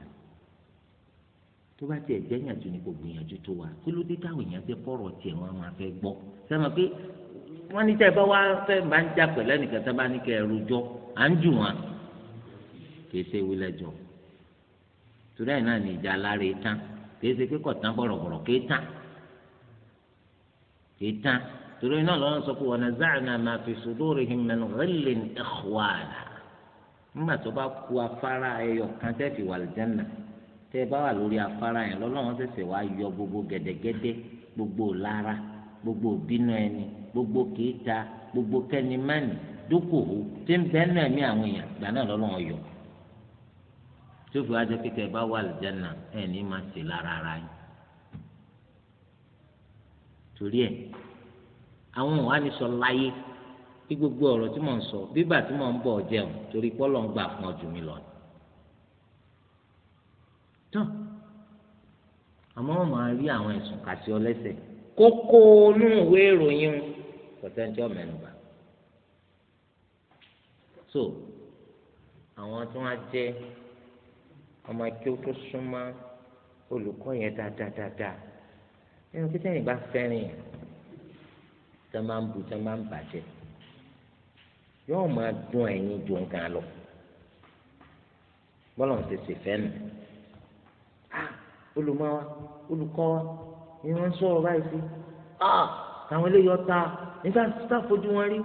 tó bá tiẹ̀ gbẹ́yànjú ni kò gbìyànjú tó wa kí ló dé táwọn èèyàn fẹ́ pọ̀rọ̀ tiẹ̀ wọn máa fẹ́ gbọ́ sẹ́mi pé wọ́n ní tẹ́ ẹ bá wá fẹ́ bá ń jà pẹ̀lẹ́ nìkan tẹ́ bá ní kẹ́ ẹ rojọ́ à ń jù wọn kìí ṣe wílẹ̀ jọ torí ẹ̀ náà ní ìjà alára tán kìí ṣe pé kọ̀ tán bọ̀rọ̀bọ̀rọ̀ kìí tán torí náà lọ́wọ́ sọ pé ma fi sudurihim min ghillin ikhwana nígbà tó bá ku afárá ẹyọ kan tẹ́ fi wà lìjánà tẹ́ bá wà lórí afárá yẹn yọ gbogbo gẹ̀dẹ̀gẹ̀dẹ̀ gbogbo lára gbogbo bínú gbogbo kìí gbogbo kẹ́ni mánì dókòwò tí ń yọ tó fi wá jẹ́ pé tẹ́ bá wà ẹ̀ torí ẹ̀ àwọn wà ní sọ láyé bí gbogbo ọ̀rọ̀ tí mò ń sọ bíbà tí mò ń bọ̀ jẹun torí pọ́lọ̀ ń gbà fún ọjọ́ mi lọ. tán àmọ́ wọn máa rí àwọn ẹ̀sùn kàti ọlẹ́sẹ̀ kókó inú ìwé ìròyìn pọ̀tẹ́ńtì ọ̀mẹ́nuba. so àwọn tí wọ́n á jẹ́ ọmọ kí ó tó súnmọ́ olùkọ́ yẹn dáadáa dáadáa nínú pé sẹ́yìn bá fẹ́ràn yẹn tẹ́ máa ń bu tẹ́ máa ń bàjẹ́ yóò máa dún ẹ̀yin ju nǹkan lọ bọ́lá ń tètè fẹ́ nù olùmọ̀ wa olùkọ́ wa ni wọ́n ń sọ̀rọ̀ báyìí sí táwọn eléyìí ọ̀tá nígbà tá a fojú wọn rí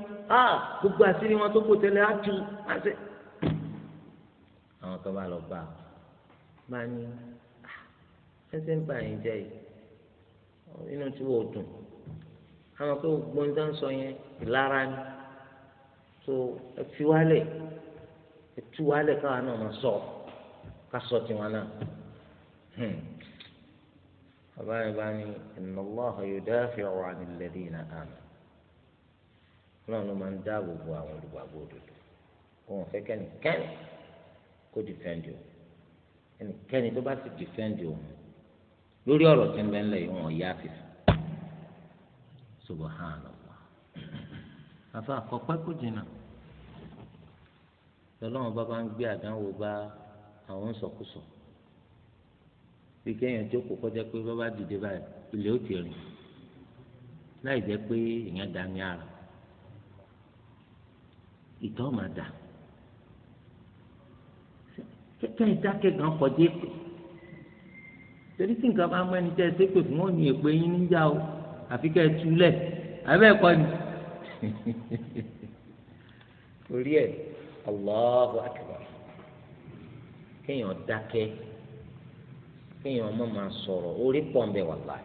gbogbo àṣírí wọn tó kò tẹ́lẹ̀ á tu àṣẹ. àwọn kan bá lọ bá a máa ní ẹsẹ̀ ń bá yín jẹ́ yìí inú tí wò dùn àwọn pé gbọ́ndà ń sọ yẹn ìlara ni tó ẹ fi wálẹ̀ ẹ tú wálẹ̀ káwa náà máa sọ ká sọ tiwọn náà hmm. bàbá yẹn bá ní inna Allaha yudafi'u 'ani alladhina amanu náà ló máa ń dáàbò bo àwọn olùgbàgbọ́ òdodo òun fẹ́ kẹ́nikẹ́ni kó dìfẹ́ǹdì o ẹnikẹ́ni tó bá ti dìfẹ́ǹdì òun lórí ọ̀rọ̀ tí ń bẹ ńlẹ̀ yìí wọ́n yá fi subhanallah àfa àkọ́pẹ́ kò jìnnà jina? bá bá ń gbé àdánwò bá àwọn sọkúsọ bí kéèyàn jókòó kọjá pé bá bá dìde báyìí ilé ó ti rìn láì jẹ́ pé èèyàn dá ní ara ìtọ́ máa dà kẹ́kẹ́ ìdákẹ́ gan kọjá pé torí tí nǹkan bá mẹ́ni tẹ́ ẹ ṣe pé fún òní èpè yín níjà o àfi kẹ́ ẹ túlẹ̀ àbẹ́ ẹ̀kọ́ ni torí ẹ̀ Allahu akbar kéèyàn dákẹ́ kéèyàn má máa sọ̀rọ̀ orí pọ̀ ń bẹ wà láì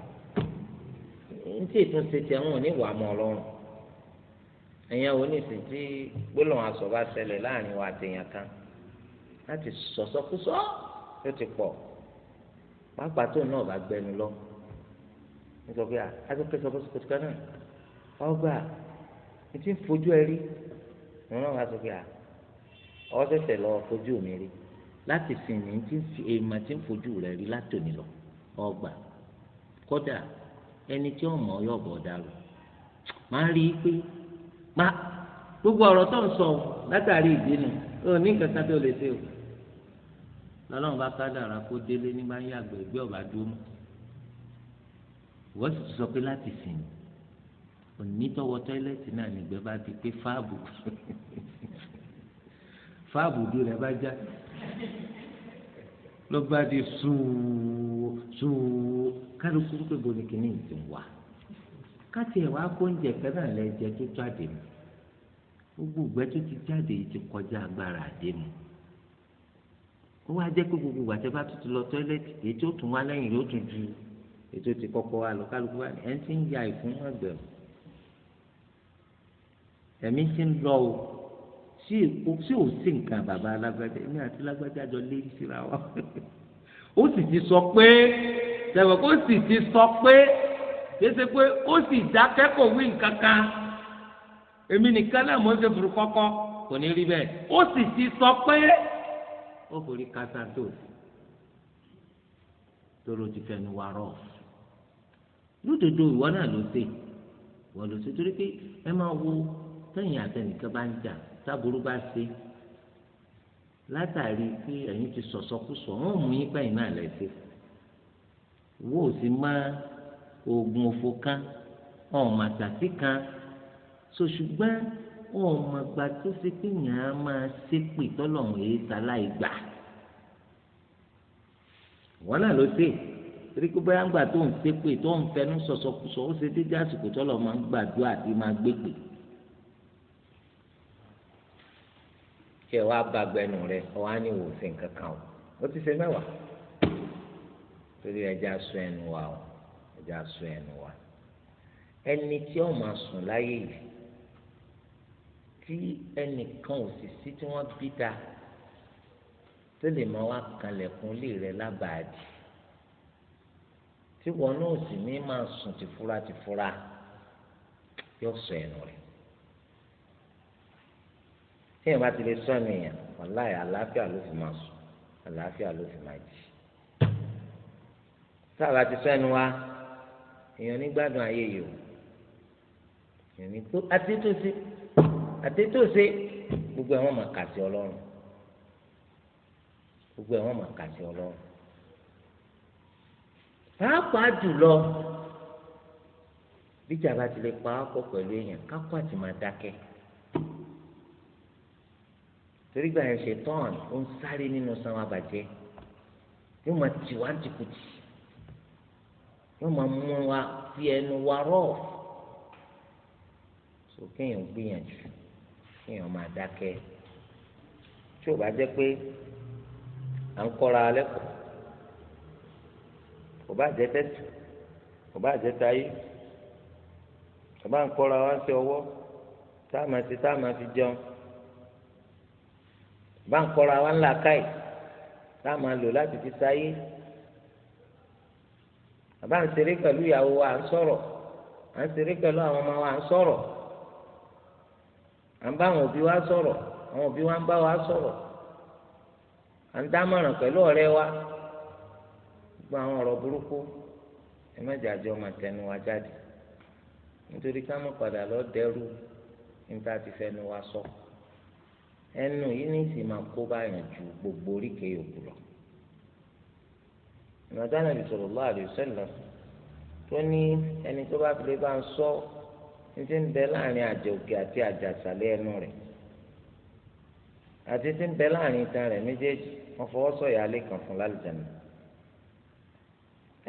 ntí ìtúnṣe tí àwọn òní wà mọ́ ọlọ́run ẹ̀yin àwọn oníṣẹ́ tí gbólóhùn aṣọ bá ṣẹlẹ̀ láàrin wa àtẹ̀yàn kan láti sọ̀sọ́kúsọ́ ló ti pọ̀ pàápàá tó náà bá gbẹnu lọ nítorí pé akẹ́kọ̀ọ́ sọ fún sọkòtìkọ́ náà ọgbà etí ń fojú ẹ rí ìrànlọ́wọ́ wá sọ pé ọ ṣẹ̀ṣẹ̀ lọ fojú mi rí láti fi ní tí èèmọ̀ tí ń fojú rẹ rí látòní lọ ọgbà kódà ẹni tí ó mọ̀ yóò bọ̀ dàrú máa rí i pé má gbogbo ọ̀rọ̀ tó ń sọ látàrí ìdínú ò ní kankan tó lè ṣe o lọ́lọ́run bá kádàrá kó délé ní bá ń yàgbẹ́ ìgbé ọ̀bá dúró mọ́ ìwọ́n sì sọ pé láti sìn onítọ́wọ́ tọ́ílẹ̀tì náà nígbẹ́ bá ti pé fáàbù fáàbù dúró rẹ̀ bá já ló bá di sùúrù sùúrù kálukú pé bóni kìíní ti wà káti ẹ̀ wá kó oúnjẹ kan náà lẹ́jẹ̀ tó tó àdéhùn gbogbo ìgbẹ́ tó ti jáde yìí ti kọjá agbára àdéhùn ó wá jẹ́ pé gbogbo ìgbà tí bá tuntun lọ tọ́ílẹ̀tì èyí tó tún wá lẹ́yìn yóò tún ju èyí tó ti kọ́kọ́ wá lọ kálukú wá ẹ̀ ń ti ń ya ìfún ọ̀gbẹ̀rún ẹ̀mí ti ń lọ o sí èkó sí ò sí nǹkan bàbá alágbádá èmi àti lágbádá jọ lé síra wa ó sì ti sọ pé sẹ̀wọ̀n kó sì ti sọ pé kése pé ó sì dákẹ́kọ̀ọ́ wí nǹkan kan èmi nìkan náà mo ń ṣe furu kọ́kọ́ kò ní rí bẹ́ẹ̀ ó sì ti sọ pé ó forí kásá tó tóró ti fẹnu wa rọ lódodo ìwọ náà ló dé ìwọ ló ṣe torí pé ẹ máa wo tẹ̀yìn àtẹnìkan bá ń jà táburú bá ṣe látàrí pé ẹ̀yin ti sọsọkúsọ wọn mú yín pẹ̀yìn náà lẹsẹ wo ò sì máa oògùn òfò kan ọmọ àtàtì kan so ṣùgbọ́n wọn ò mọ̀ gbà tó ṣe pé yàn á máa ṣépè tọ́lọ̀hún èyí ta láì gbà wọn náà ló dé torí pé bóyá ń gbà tó ń ṣépè tó ń fẹnu sọ̀sọ̀kùsọ ó ṣe dédé àsìkò tọ́lọ̀ máa ń gbàdúrà àti máa gbépè. kí ẹ wá bá gbẹnu rẹ ọwọ á ní ìwòsàn kankan o ó ti ṣe mẹ́wàá torí ẹja sọ ẹnu wa o ẹja ẹnu wa ẹni tí ó máa sùn láyé yìí tí ẹnìkan ò sì sí tí wọ́n bí ta tó lè máa wá kanlẹ̀kùn lè rẹ lábàádì tí wọn náà sì ní máa sùn tìfura tìfura yóò sọ ẹnu rẹ tí èèyàn bá ti lè sọ ènìyàn wàláì àlàáfíà ló fi máa sùn àlàáfíà ló fi máa jì tá a bá ti sọ ẹnu wa èèyàn ní gbádùn ayé yìí o èèyàn ní àti tó sí àti tó ṣe gbogbo ẹ̀ wọ́n máa kà sí ọlọ́run gbogbo ẹ̀ wọ́n máa kà sí ọlọ́run pàápàá jùlọ bíjà bá ti lè pa ọkọ pẹ̀lú èèyàn kápá ti máa dákẹ́ torí gbà yẹn ṣe tán ó ń sáré nínú sanwó abàjẹ́ yóò máa tì wá tìkùtì yóò máa mú wa fi ẹnu wa rọ̀ sókè yẹn gbìyànjú. kéèyàn máa dákẹ́ tí ò bá jẹ́ pé à ń kọ́ra alẹ́ kọ́ kò bá jẹ́ tẹ́tù kò bá jẹ́ táyé kò bá ń kọ́ra wá sí ọwọ́ tá a máa ti tá a máa fi jẹun kò bá ń kọ́ra wá ńlá káì tá a máa lò láti fi wa à ń sọ̀rọ̀ à ń à ń bá àwọn òbí wa sọ̀rọ̀ àwọn òbí wa ń bá wa sọ̀rọ̀ à ń dámọ̀ràn pẹ̀lú ọ̀rẹ́ wa gbogbo àwọn ọ̀rọ̀ burúkú ẹ má jàjọ mà tẹnu wa jáde nítorí ká má padà lọ dẹrú níta ti fẹnu wa sọ ẹnu yìí ní sì máa kó báyìí ju gbogbo oríkèé yòókù lọ ìmọ̀tánà Ànábì sallallahu alaihi tó ní ẹni tó bá fi lè bá ń sọ títí ń bẹ láàrin àjà òkè àti àjà àsàlẹ̀ ẹnu rẹ̀ àti títí ń bẹ láàrin itan rẹ̀ méjèèjì wọ́n fọwọ́ sọ̀yà alẹ́ kan fún lálùjáná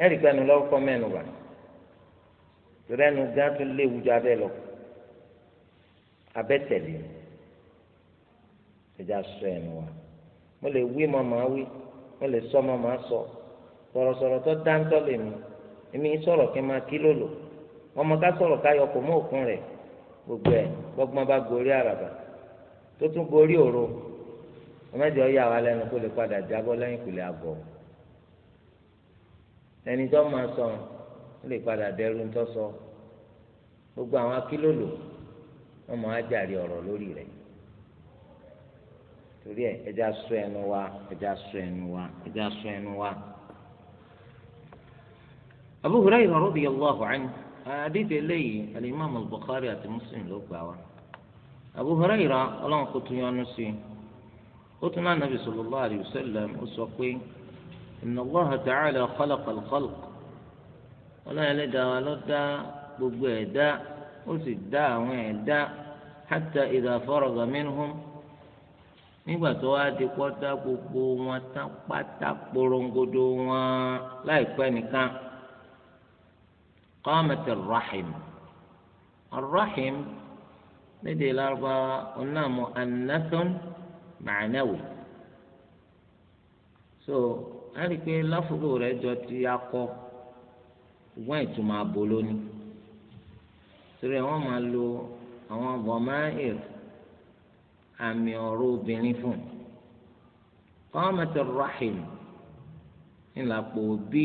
ẹ̀rí pẹ́ẹ́nu lọ́kọ́ mẹ́nu wà torí ẹnu gán tún léwu ju abẹ́ lọ abẹ́tẹ̀lé ẹja sọ ẹnu wa mo lè wí mọ́ màá wí mo lè sọ mọ́ màá sọ sọ̀rọ̀sọ̀rọ̀ tó dáńtọ́ lè èmi sọ̀rọ̀ kí n máa kí lòlò. wọn mọ ká sọ̀rọ̀ ká yọ kò mọ òkun rẹ̀ gbogbo ẹ gbọ́gbọ́n bá gorí àràbà tó tún gorí òru ọmọdé ọyà wa lẹnu kó lè padà jábọ́ lẹ́yìn kò lè àgọ ẹni tó máa sọ ó lè padà dẹrù ń tọ́ sọ gbogbo àwọn akílòlò wọn máa jàre ọ̀rọ̀ lórí rẹ̀ torí ẹ ẹja sọ ẹnu wa ẹja sọ ẹnu wa ẹja sọ ẹnu wa Abu Hurairah radiyallahu anhu. àdìtẹ̀ eléyìí alimami Bukhari àti Muslim ló gbà wá Abu Huraira ọlọ́run kò tún yọnu sí i ó tún náà nàbì sallallahu alayhi wa sallam ó sọ pé inna Allaha ta'ala khalaqa al-khalq ọlọ́run ẹlẹ́dàá wa ló dá gbogbo ẹ̀dá ó sì dá àwọn ẹ̀dá hatta idha faraga minhum nígbà tó wá di pọ́tà gbogbo wọn tán pátá porongodo wọn láìpẹ́ nìkan. قامت الرحم الرحم ندي الأربعة قلنا مؤنث معنوي so ẹni pé láfúrú rẹ̀ jọ ti akọ ṣùgbọ́n ìtumọ̀ abo lónìí torí wọ́n máa lo àwọn bọ̀máìr àmì ọ̀rọ̀ obìnrin fún qamatir rahim ńlá pò bí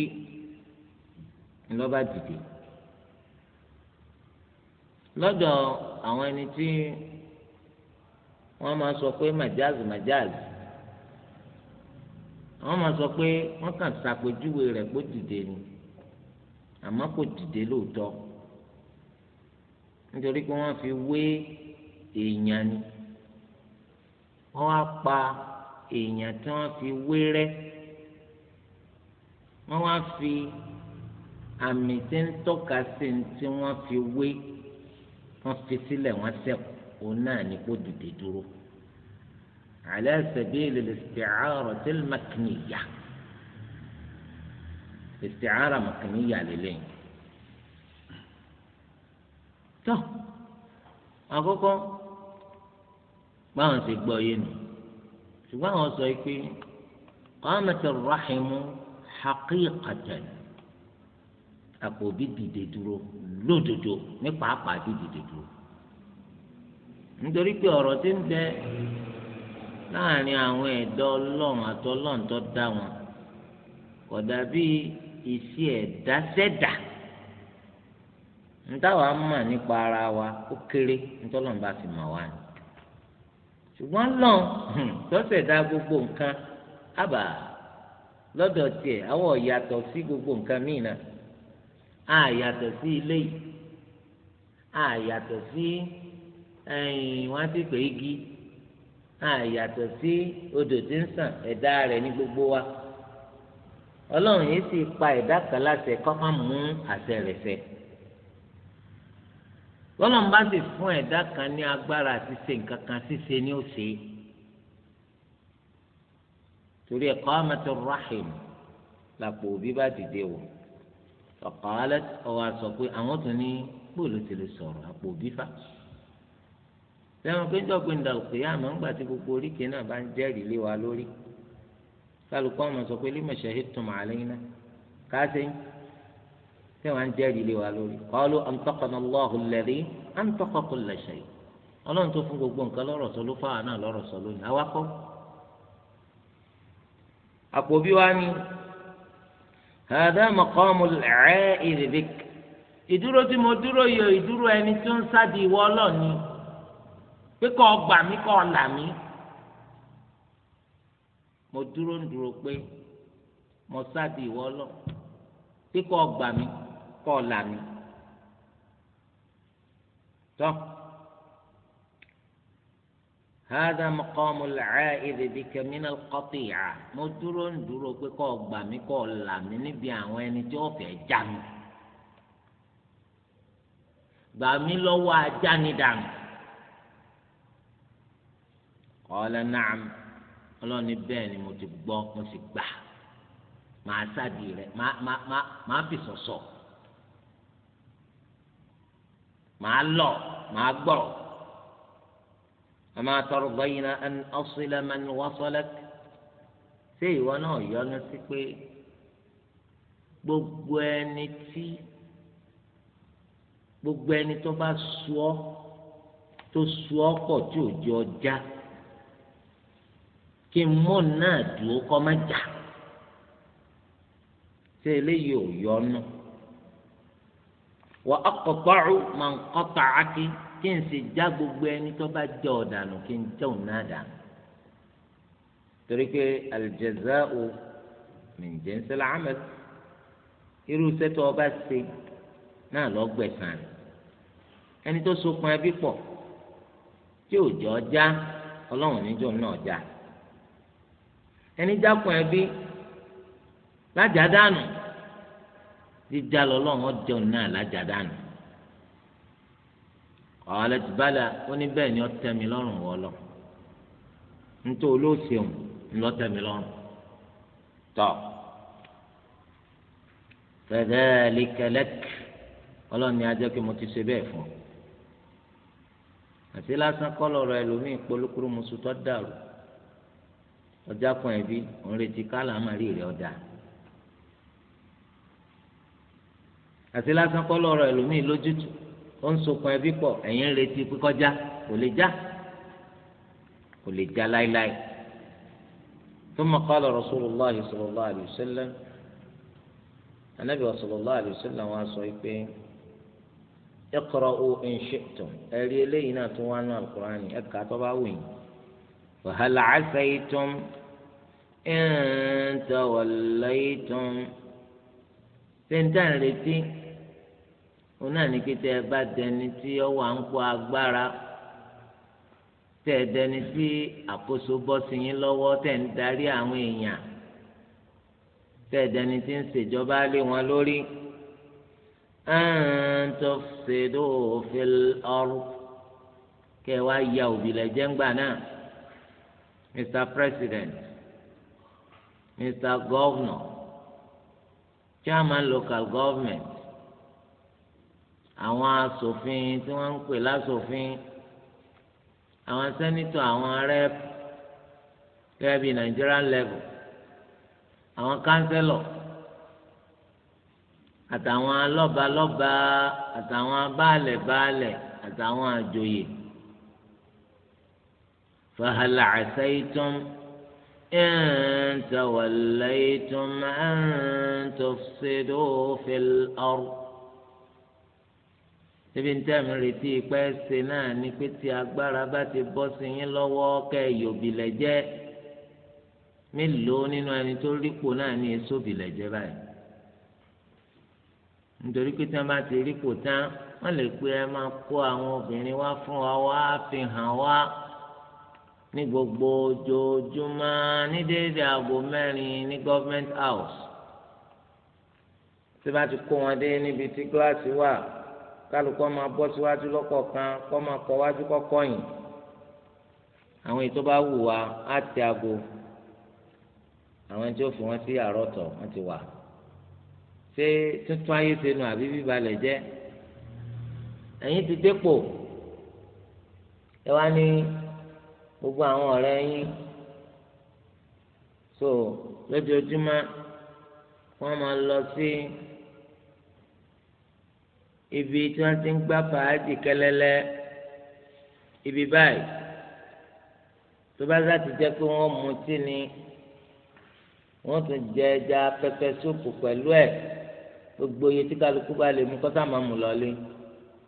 ńlọ́ba dìde lọ́dọ̀ àwọn ẹni tí wọ́n máa sọ pé màjáàzì màjáàzì wọ́n máa sọ pé wọ́n kàn ṣàpèjúwe rẹ̀ kó dìde ni àmọ́ kò dìde lóòótọ́ nítorí pé wọ́n fi wé èèyàn ni wọ́n wá pa èèyàn tí wọ́n fi wé rẹ́ wọ́n wá fi àmì tí ń tọ́ka sí ní tí wọ́n fi wé wọ́n fi sílẹ̀ wọ́n sẹ́kù òun náà ní kó dìde dúró. ala sabil al-isti'arah al-makniyah isti'arah makniyah lélẹ́yìn. tó àkọ́kọ́ báwọn ṣe gbọ́ yé nu ṣùgbọ́n àwọn sọ pé qamat rahimu haqiqatan. àpòbí dìde dúró lódodo ní pàápàá bí dìde dúró nítorí pé ọ̀rọ̀ tí ń bẹ láàrin àwọn ẹ̀dọ́ ọlọ́run àtọ́lọ́run tó dá wọn kò dàbí ìṣe ẹ̀dá sẹ́dà nítawà mọ̀ nípa ara wa ó kéré nítọ́lọ́run bá fi mọ̀ wá ni ṣùgbọ́n gbogbo nǹkan àbà lọ́dọ̀ tiẹ̀ àwọn ọ̀yàtọ̀ sí gbogbo nǹkan míì náà àyàtọ̀ sí ilé yìí àyàtọ̀ sí wọ́n ti pè igi àyàtọ̀ sí odò tí ń sàn ẹ̀dá rẹ̀ ní gbogbo wa ọlọ́run yìí sì pa ẹ̀dá kan láṣẹ kọ́ máa mú àṣẹ rẹ̀ ṣẹ lọ́nà bá sì fún ẹ̀dá kan ní agbára àti ṣe nǹkan kan ṣíṣe ní òṣè torí ẹ̀kọ́ amẹ́tọ́ rahim làpò òbí bá dìde wò faqalat ọwọ́ àṣọ pé àwọn tún ní bóòlù ti lè sọ̀rọ̀ àpò bífà lẹ́wọ̀n pé jọ́pin ìdàlùkù yá àmọ́ ńgbà tí gbogbo oríkèé náà bá ń jẹ́rìí lé wa lórí kálukú àwọn sọ pé lima shahidtum alayna káṣí tẹ́wọ̀n ń jẹ́rìí lé wa lórí qalu antaqana Allahu alladhi antaqa kulla ọlọ́run tó fún gbogbo nǹkan lọ́rọ̀ sọ ló fáwọn náà lọ́rọ̀ sọ lónìí àwa àpò bí wa ni هذا مقام العائد بك ìdúró tí mo dúró yọ ìdúró ẹni tó ń sádi ìwọ ọlọ́ọ̀ni pé kọ́ gbà mí kọ́ là mí mo dúró ń dúró pé mo sádi ìwọ ọlọ́ọ̀ pé kọ́ gbà mí kọ́ là mí tọ́. So. هذا مقام العائذ بك من القطيعة mo dúró ń dúró pé kó níbi àwọn ẹni tí wọ́n fẹ́ já mi gbà mí lọ́wọ́ ajánidànù bẹ́ẹ̀ ni mo ti gbọ́ gbà وما ترضين أن أصل من وصلك ṣé ìwọ náà yọ́nú sí pé gbogbo ẹni tí gbogbo ẹni tó bá sú ọ tó sú ọ pọ̀ tí ò jọ já kí mọ náà dúró kọ má jà ṣé eléyìí ò yọ́nú wa aqta'u man qata'aki kí n sì já gbogbo ẹni tó bá jẹ ọ̀dànù kí n jẹ òun náà dànù torí pé al-jazā'u min jinsi al-'amal irú iṣẹ́ tó o bá ṣe náà lọ gbẹ̀san rẹ̀ ẹni tó sokun ẹbí pọ̀ tí ò jọ já ọlọ́run níjọ náà já ẹni jákun ẹbí lájà dànù lọ́lọ́run ọjọ́ náà lájà qalat bala ó ní bẹ́ẹ̀ ni ó tẹ́ mi lọ́rùn wọ́ lọ nítorí olóòṣèlú ńlọ tẹ́ mi lọ́rùn tọ́ fadhalika lak ọlọ́run ni ajẹ́ pé mo ti ṣe bẹ́ẹ̀ fún ọ àti lásán kọlọrọ ẹlòmíì polúkúrú mùsùtọ dàrú ọjà kan ẹbí òun retí kálá máa rí ìrẹ ọdà àti lásán kọlọrọ ẹlòmíì lójútùú ó ń sokun ẹbí pọ̀ ẹ̀yin ń retí kíkọjá kò lè já kò lè já láéláé ثم قال رسول الله صلى الله عليه وسلم النبي صلى الله عليه وسلم وصيبين اقرأوا إن شئتم ألي لينا توانا القرآن أكاتب أوين فهل عسيتم إن توليتم سنتان رتين òun náà ní kété ẹ bá dẹni tí ọwọ́ à ń kó agbára tẹ ẹ dẹni tí àkóso bọ́ sí yín lọ́wọ́ tẹ ń darí àwọn èèyàn tẹ dẹni tí ń ṣèjọba lé wọn lórí an tufsidu fil ard kẹ wá ya òbílẹ̀ jẹ́ngbà náà Mr. President Mr. Governor Chairman Local Government àwọn asòfin tí wọ́n ń pè lásòfin àwọn sẹ́nitọ̀ àwọn rep gẹ́gẹ́ bíi Nigerian level àwọn kánsẹ́lọ̀ àtàwọn lọ́balọ́ba àtàwọn baálẹ̀baálẹ̀ àtàwọn àjòyè fahal asaytum in tawallaytum an tufsidu fil ard ṣébi ní tẹ́mi retí pẹ́ ṣe náà ni pé tí agbára bá ti bọ́ sí yín lọ́wọ́ kẹ́ yòbílẹ̀ jẹ́ mélòó nínú ẹni tó rípò náà ní èso bìlẹ̀ jẹ́ báyìí nítorí pé tí wọ́n bá ti rípò tán wọ́n lè pe ẹ máa kó àwọn obìnrin wá fún wa wá fi hàn wá ní gbogbo ojoojúmọ́ ní déédéé aago mẹ́rin ní government house tí wọ́n bá ti kó wọn dé níbi tí kíláàsì wà kálukọ́ máa bọ́ síwájú lọ́kọ̀ọ̀kan kọ́ máa kọ́ wájú kọ́kọ́ yìí àwọn èyí tó bá wù wá á ti aago àwọn ẹni tí ó fi wọn sí àrọ́tọ̀ wọn ti wà ṣé tuntun ayé ti nu àbí bíbalẹ̀ jẹ́ ẹ̀yin ti dépò ẹ wá ní gbogbo àwọn ọ̀rẹ́ yín so lójoojúmọ́ wọ́n máa lọ sí. Si, ibi tí wọ́n ti ń gbá fàájì kẹlẹ́lẹ́ ibi báyìí tó bá láti jẹ́ pé wọ́n mutí ni wọ́n tún jẹ ẹja pẹpẹ súpù pẹ̀lú ẹ̀ gbogbo iye tí kálukú bá lè mú kọ́tà máa mú lọ́lé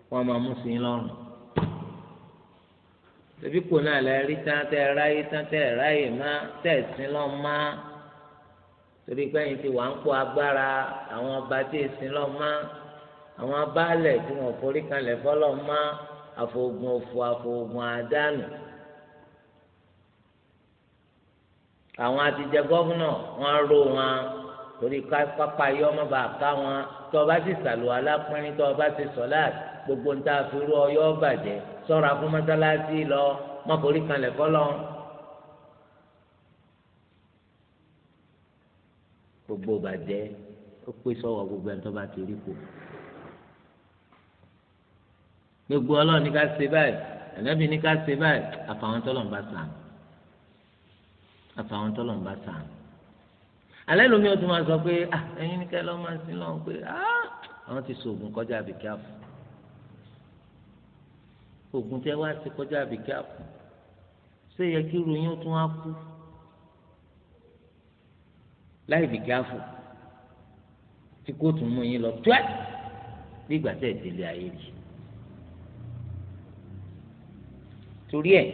wọ́n máa mú sí i lọ́rùn. tẹ̀bí kò náà lẹ rí tán tẹ́ ráyé tán tẹ́ ráyè má tẹ́ sí lọ́ má torí pé ẹ̀yin ti wà ń kó agbára àwọn ọba tí èsì lọ́ má àwọn abálẹ̀ tí wọ́n forí kalẹ̀ fọlọ́ má àfọ̀gùn òfò àfọ̀gùn àdánù àwọn àtijọ́ gọ́vùnà wọn ró wọn torí pápá yọ ọmọ bàá ká wọn tó o bá sì sàlùwà lápẹ́rín tó o bá sì sọ̀láàtì gbogbo nta fi rú ọyọ́ bàjẹ́ sọ́ra fún mọ́sálásí lọ má forí kalẹ̀ fọlọ́ gbogbo bàjẹ́ ó pè sọ́wọ́ gbogbo ẹni tó bá ti rí kù gbogbo ọlọ́run ní ká ṣe báyìí ànábì ní ká ṣe báyìí àfàwọn tọ́lọ̀ ń bá sàn àfàwọn tọ́lọ̀ ń bá sàn. alẹ́ lómi ó tún máa sọ pé ah, ẹ̀yin ní ká lọ́ máa sin lọ́hùn pé ah! àwọn ti sòògùn kọjá àbíkẹ́ àfọ̀ ògùn tẹ́ wá sí kọjá àbíkẹ́ àfọ̀ ṣé yẹ kí ròyìn ó tún á kú láì bìkẹ́ àfọ̀ tí kóòtù mú yín lọ tó ẹ̀ nígbà tẹ̀ délé ayé yìí. torí ẹ̀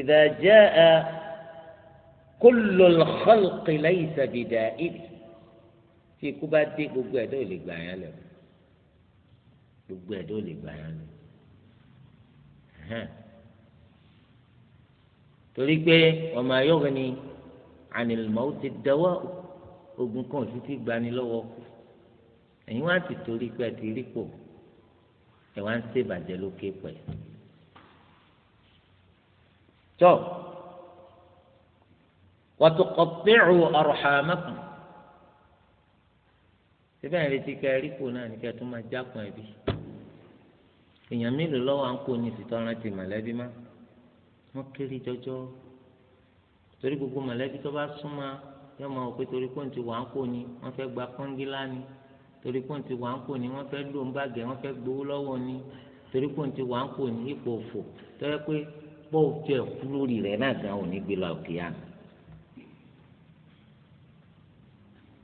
idha jaa kullu al-khalqi laysa bidaa'in tí ikú bá dé gbogbo ẹ̀dá ò lè gbà yẹn lẹ̀ gbogbo ẹ̀dá ò lè gbà yẹn lẹ̀ torí pé wa ma yughni 'anil mawti ad ogun kan sì ti gbani lọ́wọ́ kú ẹ̀yin wá ti torí pé ẹ ti rí pò ẹ wá ń ṣèbàjẹ́ lókè pẹ̀lú tó wàtúkọ̀tìrù arhamakum síbẹ̀ ní ti ká ẹ̀rí kù náà ní ká tó máa jákun ẹ̀bí èèyàn mélòó lọ́wọ́ à ń kó ní ìsìtọ́ran ti mọ̀lẹ́bí má wọ́n kéré jọjọ torí gbogbo mọ̀lẹ́bí tó bá súnmọ́ yóò máa wọ pé torí pé ń ti wà ń kó ni wọ́n fẹ́ gba kọ́ńgílá ni torí pé ti wà ń kó ni wọ́n fẹ́ lò bàgẹ́ wọ́n fẹ́ gbowó lọ́wọ́ ni torí pé ti wà ń kó ni ipò òfò tó pé pọ̀ tí ẹ̀ kú lórí rẹ̀ náà gan ò ní gbé lọ kíá.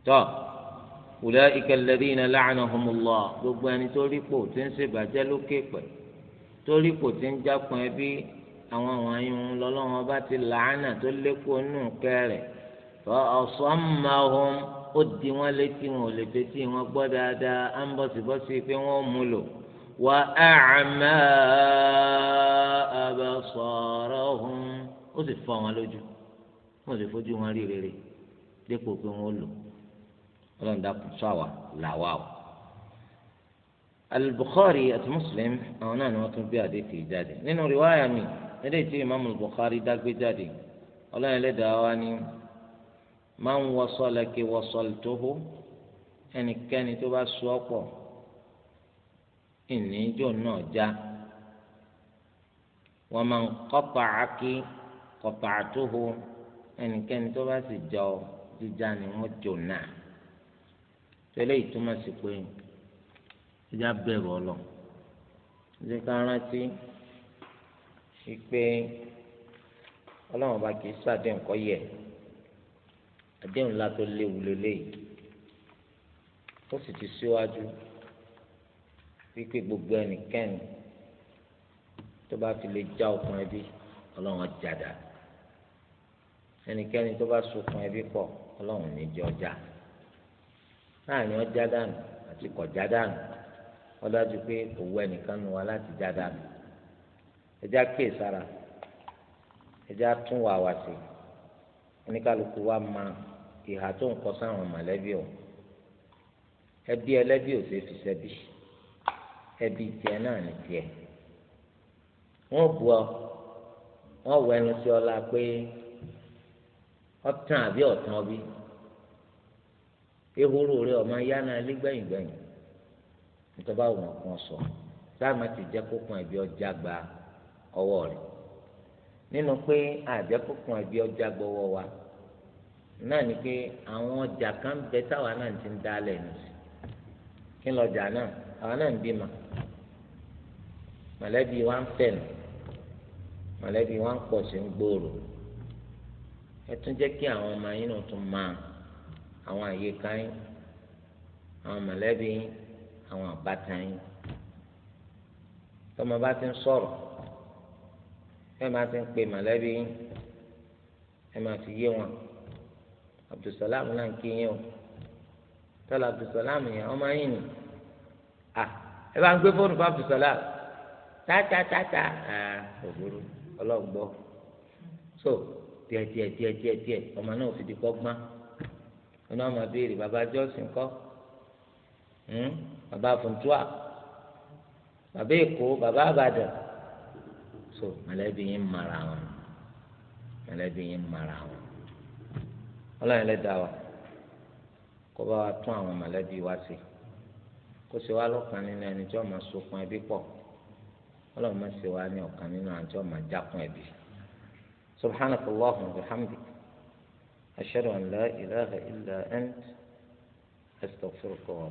tọ́ ulaika alladhina la'anahumullah gbogbo ẹni tó rí pò tí ń ṣèbàjẹ́ lókè pẹ̀ tó rí pò tí ń jápọn ẹbí àwọn àwọn ayéwọn lọ́lọ́wọ́n bá ti làánà tó lékòó nù kẹrẹ̀ tọ́ ọ̀sán ó di wọn létí wọn ò lè fetí wọn gbọ́ dáadáa á ń bọ̀sibọ́sí pé wọ́n mú lò وأعمى أبصارهم ó sì fọ́ wọn lójú wọn sì fojú wọn rí rere dípò pé wọn lò Ọlọ́run dákun sọ àwa làwa o. Al-Bukhari àti Muslim àwọn náà ni wọn tún bí àdéhìí jáde nínú riwaya mi eléyìí tí Imam Al-Bukhari dágbé jáde Ọlọ́run Ẹlẹ́dàá wa ni man wasalaki wasaltuhu ẹnikẹ́ni tó bá so ọ́ pọ̀ ìníjó náà já wọn máa ń kọpa ákí kọpa àtúhù ẹnikẹ́ni tó bá sì jọ jíjá ni wọ́n jò náà tẹ́lẹ̀ ìtumọ̀ sí pé jíjá bẹ̀rù ọlọ ṣe ká rántí wípé ọlọ́run bá kì í sàdé nǹkan yẹ àdéhùn ńlá léwu lélẹ́yìí ó sì ti síwájú. Si wípé gbogbo ẹnikẹ́ni tó bá fi lè já okùn ẹbí ọlọ́run jàdá ẹnikẹ́ni tó bá sokùn ẹbí pọ̀ ọlọ́run ní jẹ́ ọjà láàrin ọjà dànù àti kọjá dànù ó dájú pé òwú ẹnìkan nu wa láti já dànù ẹjá kéè sára ẹjá tún wà wá sí oníkálukú wa máa ìhà tó ń kọ sáwọn mọ̀lẹ́bí o ẹbí ẹlẹ́bí ò ṣeé fi ṣẹ́bí. ẹbí tiẹ̀ náà ní tiẹ̀ wọ́n bu ọ wọ́n wọ ẹnu sí ọ la pé ọtàn àbí ọtàn bí ehoro rẹ ọmọ ya náà lé gbẹ̀yìn gbẹ̀yìn nítorí báwo wọn kàn sọ sáàmà ti ọjà gba ọwọ nínú pé ẹbí ọjà wa náà ni pé àwọn ọjà kan bẹ ti ń nù àwọn náà ń bímọ mọ̀lẹ́bí wa ń fẹ̀nù mọ̀lẹ́bí wa ń pọ̀ sí ń gbòòrò ẹ tún jẹ́ kí àwọn ọmọ yín náà tún máa àwọn àyíká yín àwọn mọ̀lẹ́bí yín àwọn àbátan yín tọ́mọ bá ti ń sọ̀rọ̀ ẹ máa ti ń pe mọ̀lẹ́bí yín ẹ máa fi yé wọn Abdulsalam náà kí yín o tọ́lá Abdulsalam yẹn ọmọ yín nìyẹn ẹ bá ń gbé fóònù fún abdulsala tátátátá ògbóró ọlọ́gbọ́ so díẹ̀ díẹ̀ díẹ̀ díẹ̀ díẹ̀ ọmọ náà fi di kọ́gbọ́n ọmọ náà máa béèrè bàbá jọ́sìn kọ́ hmm? bàbá funtua bàbá èkó bàbá àbàdàn so mọ̀lẹ́bí yín mara wọn mọ̀lẹ́bí yín mara wọn ọlọ́run lẹ́dàá wa kó bá wa tún àwọn mọ̀lẹ́bí wa sí kó ṣe wá lọ́kàn nínú ẹni tí wọ́n máa sokun ẹbí pọ̀ ọlọ́run máa ṣe wá ní ọ̀kan nínú ẹni tí wọ́n máa jákun ẹbí. subhanaka allahumma wa bihamdika ashhadu an la ilaha illa ant astaghfiruka wa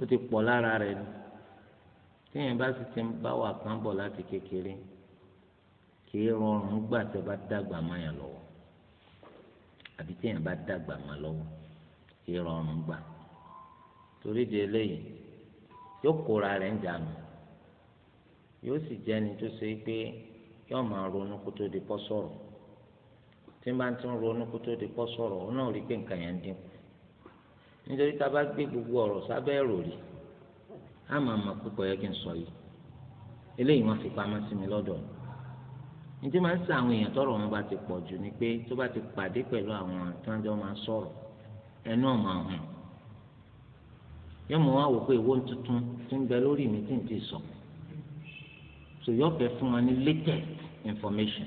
ó ti pọ̀ lára rẹ̀ ni téèyàn bá sì ti bá wà kán bọ̀ láti kékeré kì í rọrùn tí tẹ́ bá dàgbà má yàn lọ́wọ́ àbí téèyàn bá dàgbà má lọ́wọ́ kì í rọrùn gbà torí di eléyìí yóò kóra rẹ̀ ń jànú yóò sì jẹ́ni tó ṣe pé yóò máa ronú kó tó di pọ́ sọ̀rọ̀ tí n bá ti ń ronú kó tó di pọ́ sọ̀rọ̀ ó náà rí pé nǹkan yẹn ń dínkù nítorí tá a bá gbé gbogbo ọ̀rọ̀ sábẹ́ ẹ̀rọ rí a máa mọ pípọ̀ yẹ kí n sọ yìí eléyìí wọ́n fi pamọ́ sí mi lọ́dọ̀ ní tí máa ń sa àwọn èèyàn tọrọ wọn bá ti pọ̀ jù ni pé tó bá ti pàdé pẹ̀lú àwọn tí wọ́n jọ máa sọ̀rọ̀ ẹnu ọ̀mà ọ̀hún yóò mọ̀ wá wò pé ìwọ́n tuntun ti ń bẹ lórí mi tí n ti sọ so fẹ́ fún wọn ní latest information.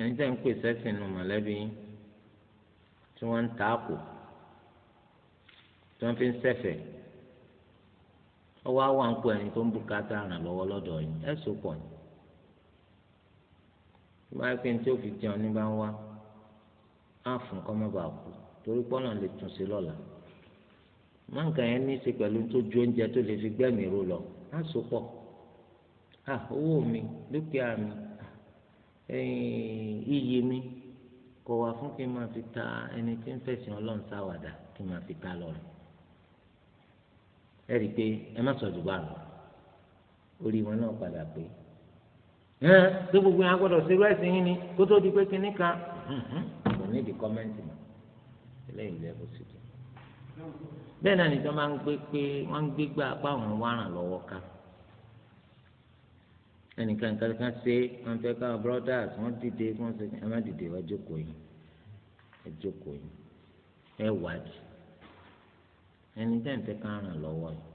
ẹni tẹ́ ń pè sẹ́sìn nù mọ̀lẹ́bí yín tí wọ́n ń ta àpò tí wọ́n fi ń sẹ́fẹ̀ ọwọ́ àwọn àpò ẹni tó ń bùkátà ràn lọ́wọ́ lọ́dọ̀ yìí ẹ̀ sọ pọ̀ ní. báyìí pé ní tí ó fi jẹun ní bá ń wá á fún kọ́ mọ́ba àpò torí pọ́nà lè tún sí lọ́la má yẹn ní í ṣe pẹ̀lú tó ju oúnjẹ tó lè fi gbẹ́mìí ró lọ á sọ pọ̀ owó mi dúkìá mi iyì mi kò wá fún kí n máa fi ta ẹni tí ń fẹ̀sìn ọlọ́run sáwàdà kí n máa fi ta lọ́rùn ẹ rí i pé ẹ má sọ jù bá lọ orí wọn náà padà pé ẹ tó gbogbo yẹn agbọ́dọ̀ ṣerú ẹ̀sìn yín ni kó tó di pé kinní kan kò ní di kọ́mẹ́ǹtì mọ́ eléyìí lẹ́bù sí i bẹ́ẹ̀ náà nìjọba ń gbé pé wọ́n ń gbégbá apá àwọn wàràn lọ́wọ́ ká ẹnìkan kan kan ṣe wọn fẹ́ káwọn brothers wọn dìde wọn ṣe ẹ má dìde ẹ jókòó yìí ẹ jókòó yìí ẹ wádìí ẹni tẹ́ ń fẹ́ ká ràn lọ́wọ́ yìí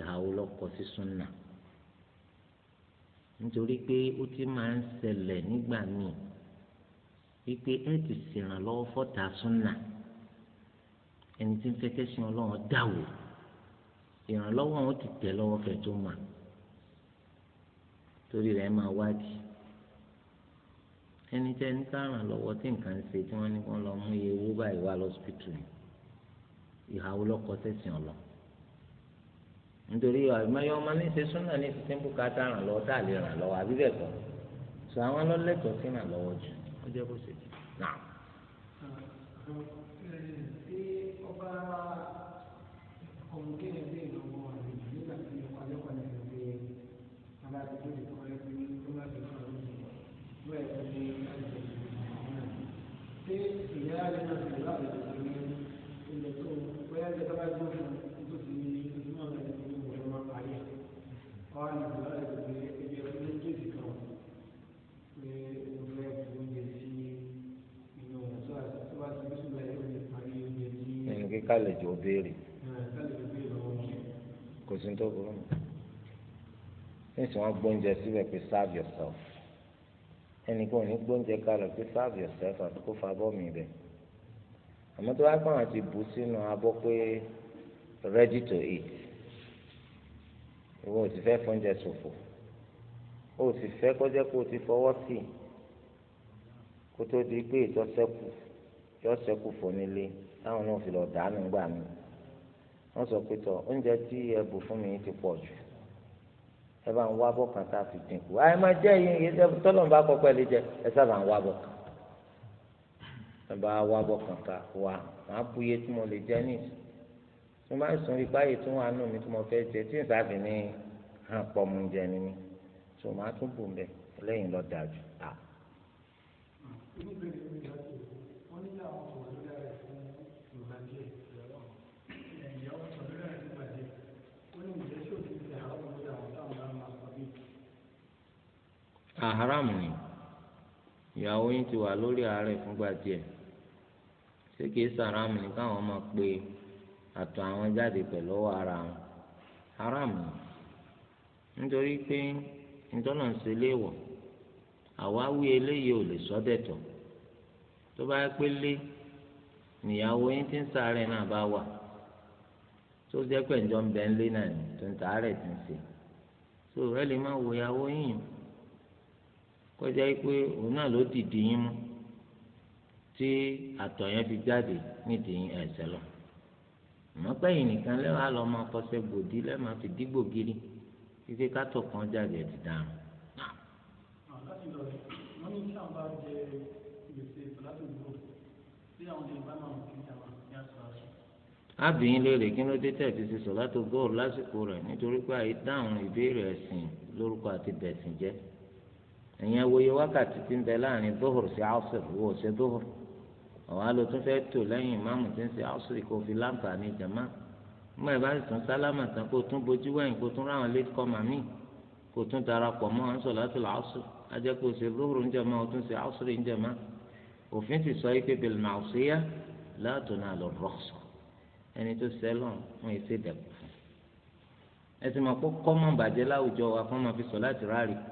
ìhàwó lọ́kọ sí súnà nítorí pé ó ti máa ń ṣẹlẹ̀ nígbà míì wípé ẹ ti ṣèrànlọ́wọ́ fọ́tà súnà ẹni tí ń fẹ́ kẹ́sìn ọlọ́run dáwò ìrànlọ́wọ́ wọn ti tẹ̀ lọ́wọ́ kẹ́ tó máa torí rẹ̀ máa wádìí ẹni tẹ́ ní káràn lọ́wọ́ tí nǹkan ń ṣe tí wọ́n ní wọ́n lọ mú iye owó báyìí wá lọ́sípítù ìhàwó lọ́kọ tẹ̀sìn ọ̀lọ́ nítorí àìmọye ọmọ ní ṣe súnà ní ṣiṣẹ́ bùkátà ràn lọ́wọ́ tá a lè ràn lọ́wọ́ àbí bẹ́ẹ̀ kọ́ sọ àwọn ọlọ́lẹ́tọ̀ọ́ sí ràn lọ́wọ́ jù ó jẹ́ bó ṣe jù náà. ọba ọmọkẹ́yẹ kálẹ̀jọ béèrè kò sí tó burú nísìnyí wọn gbóúnjẹ síbẹ̀ pé serve yourself ẹnì kan ò ní gbóúnjẹ kalẹ̀ pé serve yourself àti kó fa abọ́ mi bẹ̀ àmọ́ tó wáá pàwọn ti bù sínú abọ́ pé ready to eat ìwọ ò ti fẹ́ fóúnjẹ ṣòfò o sì fẹ́ kọjá kó o ti fọwọ́ sí kó tó di pé ìtọ́sẹ́kù yọ sẹ́kù fò nílé táwọn náà fi lọ dànù gbà mí wọ́n sọ pé tọ oúnjẹ tí ẹ bù fún mi ti pọ̀ jù ẹ bá ń wá bọ̀ kan tá a fi dín kù àyè máa jẹ́ iye iye tọ́lọ̀ ń bá kọ́kọ́ ẹ lè jẹ ẹ sábà ń wá bọ̀ kan ẹ bá wá bọ̀ kan ká wá màá bu iye tí mo lè jẹ ní ìsìn tí mo sùn ipá yìí tí wọ́n á nù mí tí mo fẹ́ jẹ tí ìsáàbì ní hàn pọ̀ mu jẹ ni mí tí mo tún bù mbẹ lẹ́yìn lọ́ọ́ dájú. nǹkan haramu ni ìyàwó yín ti wà lórí àárẹ̀ fúngbà díẹ̀ ṣé kìí sàrámù ni káwọn máa pe àtọ̀ àwọn jáde pẹ̀lú ara wọn haramu ni nítorí pé ntọ́nà ń ṣe léèwọ̀ àwáwí eléyìí ò lè sọ́dẹ̀tọ̀ tó bá pé lé níyàwó yín tí ń sàárẹ̀ náà bá wà tó jẹ́ pẹ̀jọ́ ń bẹ́ ń lé náà tó ń ti ń ṣe tó rẹ́ lè kọjá yìí pé òun náà ló dìde yín mú tí àtọ̀ yẹn fi jáde nídìí ẹ̀sẹ̀ lọ àmọ́ pẹ́yìn nìkan lẹ́wọ̀n á lọ máa kọsẹ̀ gbòdì lẹ́ẹ̀ máa fi dígbò gírí títí kátó kan jáde ẹ̀ ti dáhùn. ábìyín léèrè kí ló dé tẹ̀ fi ṣe sọ̀lá tó góòlù lásìkò rẹ̀ nítorí pé àyè dáhùn ìbéèrè ẹ̀sìn lórúkọ àti bẹ̀sìn jẹ́. ẹ̀yin awoye wákàtí ti ń bẹ láàrin dóhùr sí asr wò ṣe dóhùr àwọn alòtún fẹ́ tò lẹ́yìn ìmáàmù tí ń ṣe asr kò fi láǹfààní jàmá mọ ẹ bá sì tún sálámà tán kó tún bójú wẹ̀yìn kó tún ráwọn létí kọ́ màmí kó tún darapọ̀ mọ́ àwọn sọ̀láṣọ̀ asr ajẹ́ kó ṣe dóhùr ń jàmá ó tún ṣe asr ń òfin sì sọ pé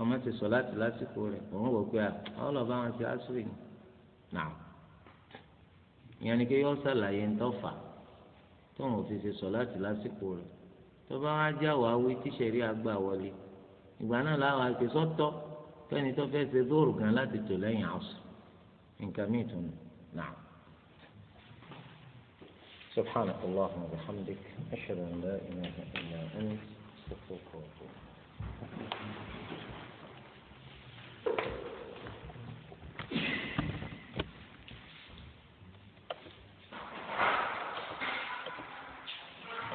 ọmọ ti sọ láti lásìkò rẹ̀ òun wò pé àwọn lọ bá wọn ti àṣírí ni náà ìyẹn ni pé yọ sàlàyé ńtọ́fà tóun ò fi ṣe sọ láti lásìkò rẹ̀ tó bá wá já wàá wí tíṣẹ̀rí àgbà wọlé ìgbà náà làwọn àgbẹ̀sọ́ tọ́ fẹ́ni tó fẹ́ ṣe dóòrù gan láti tò lẹ́yìn àṣù nǹkan mìíràn tó náà. سبحانك اللهم وبحمدك أشهد أن لا إله إلا أنت أستغفرك وأتوب إليك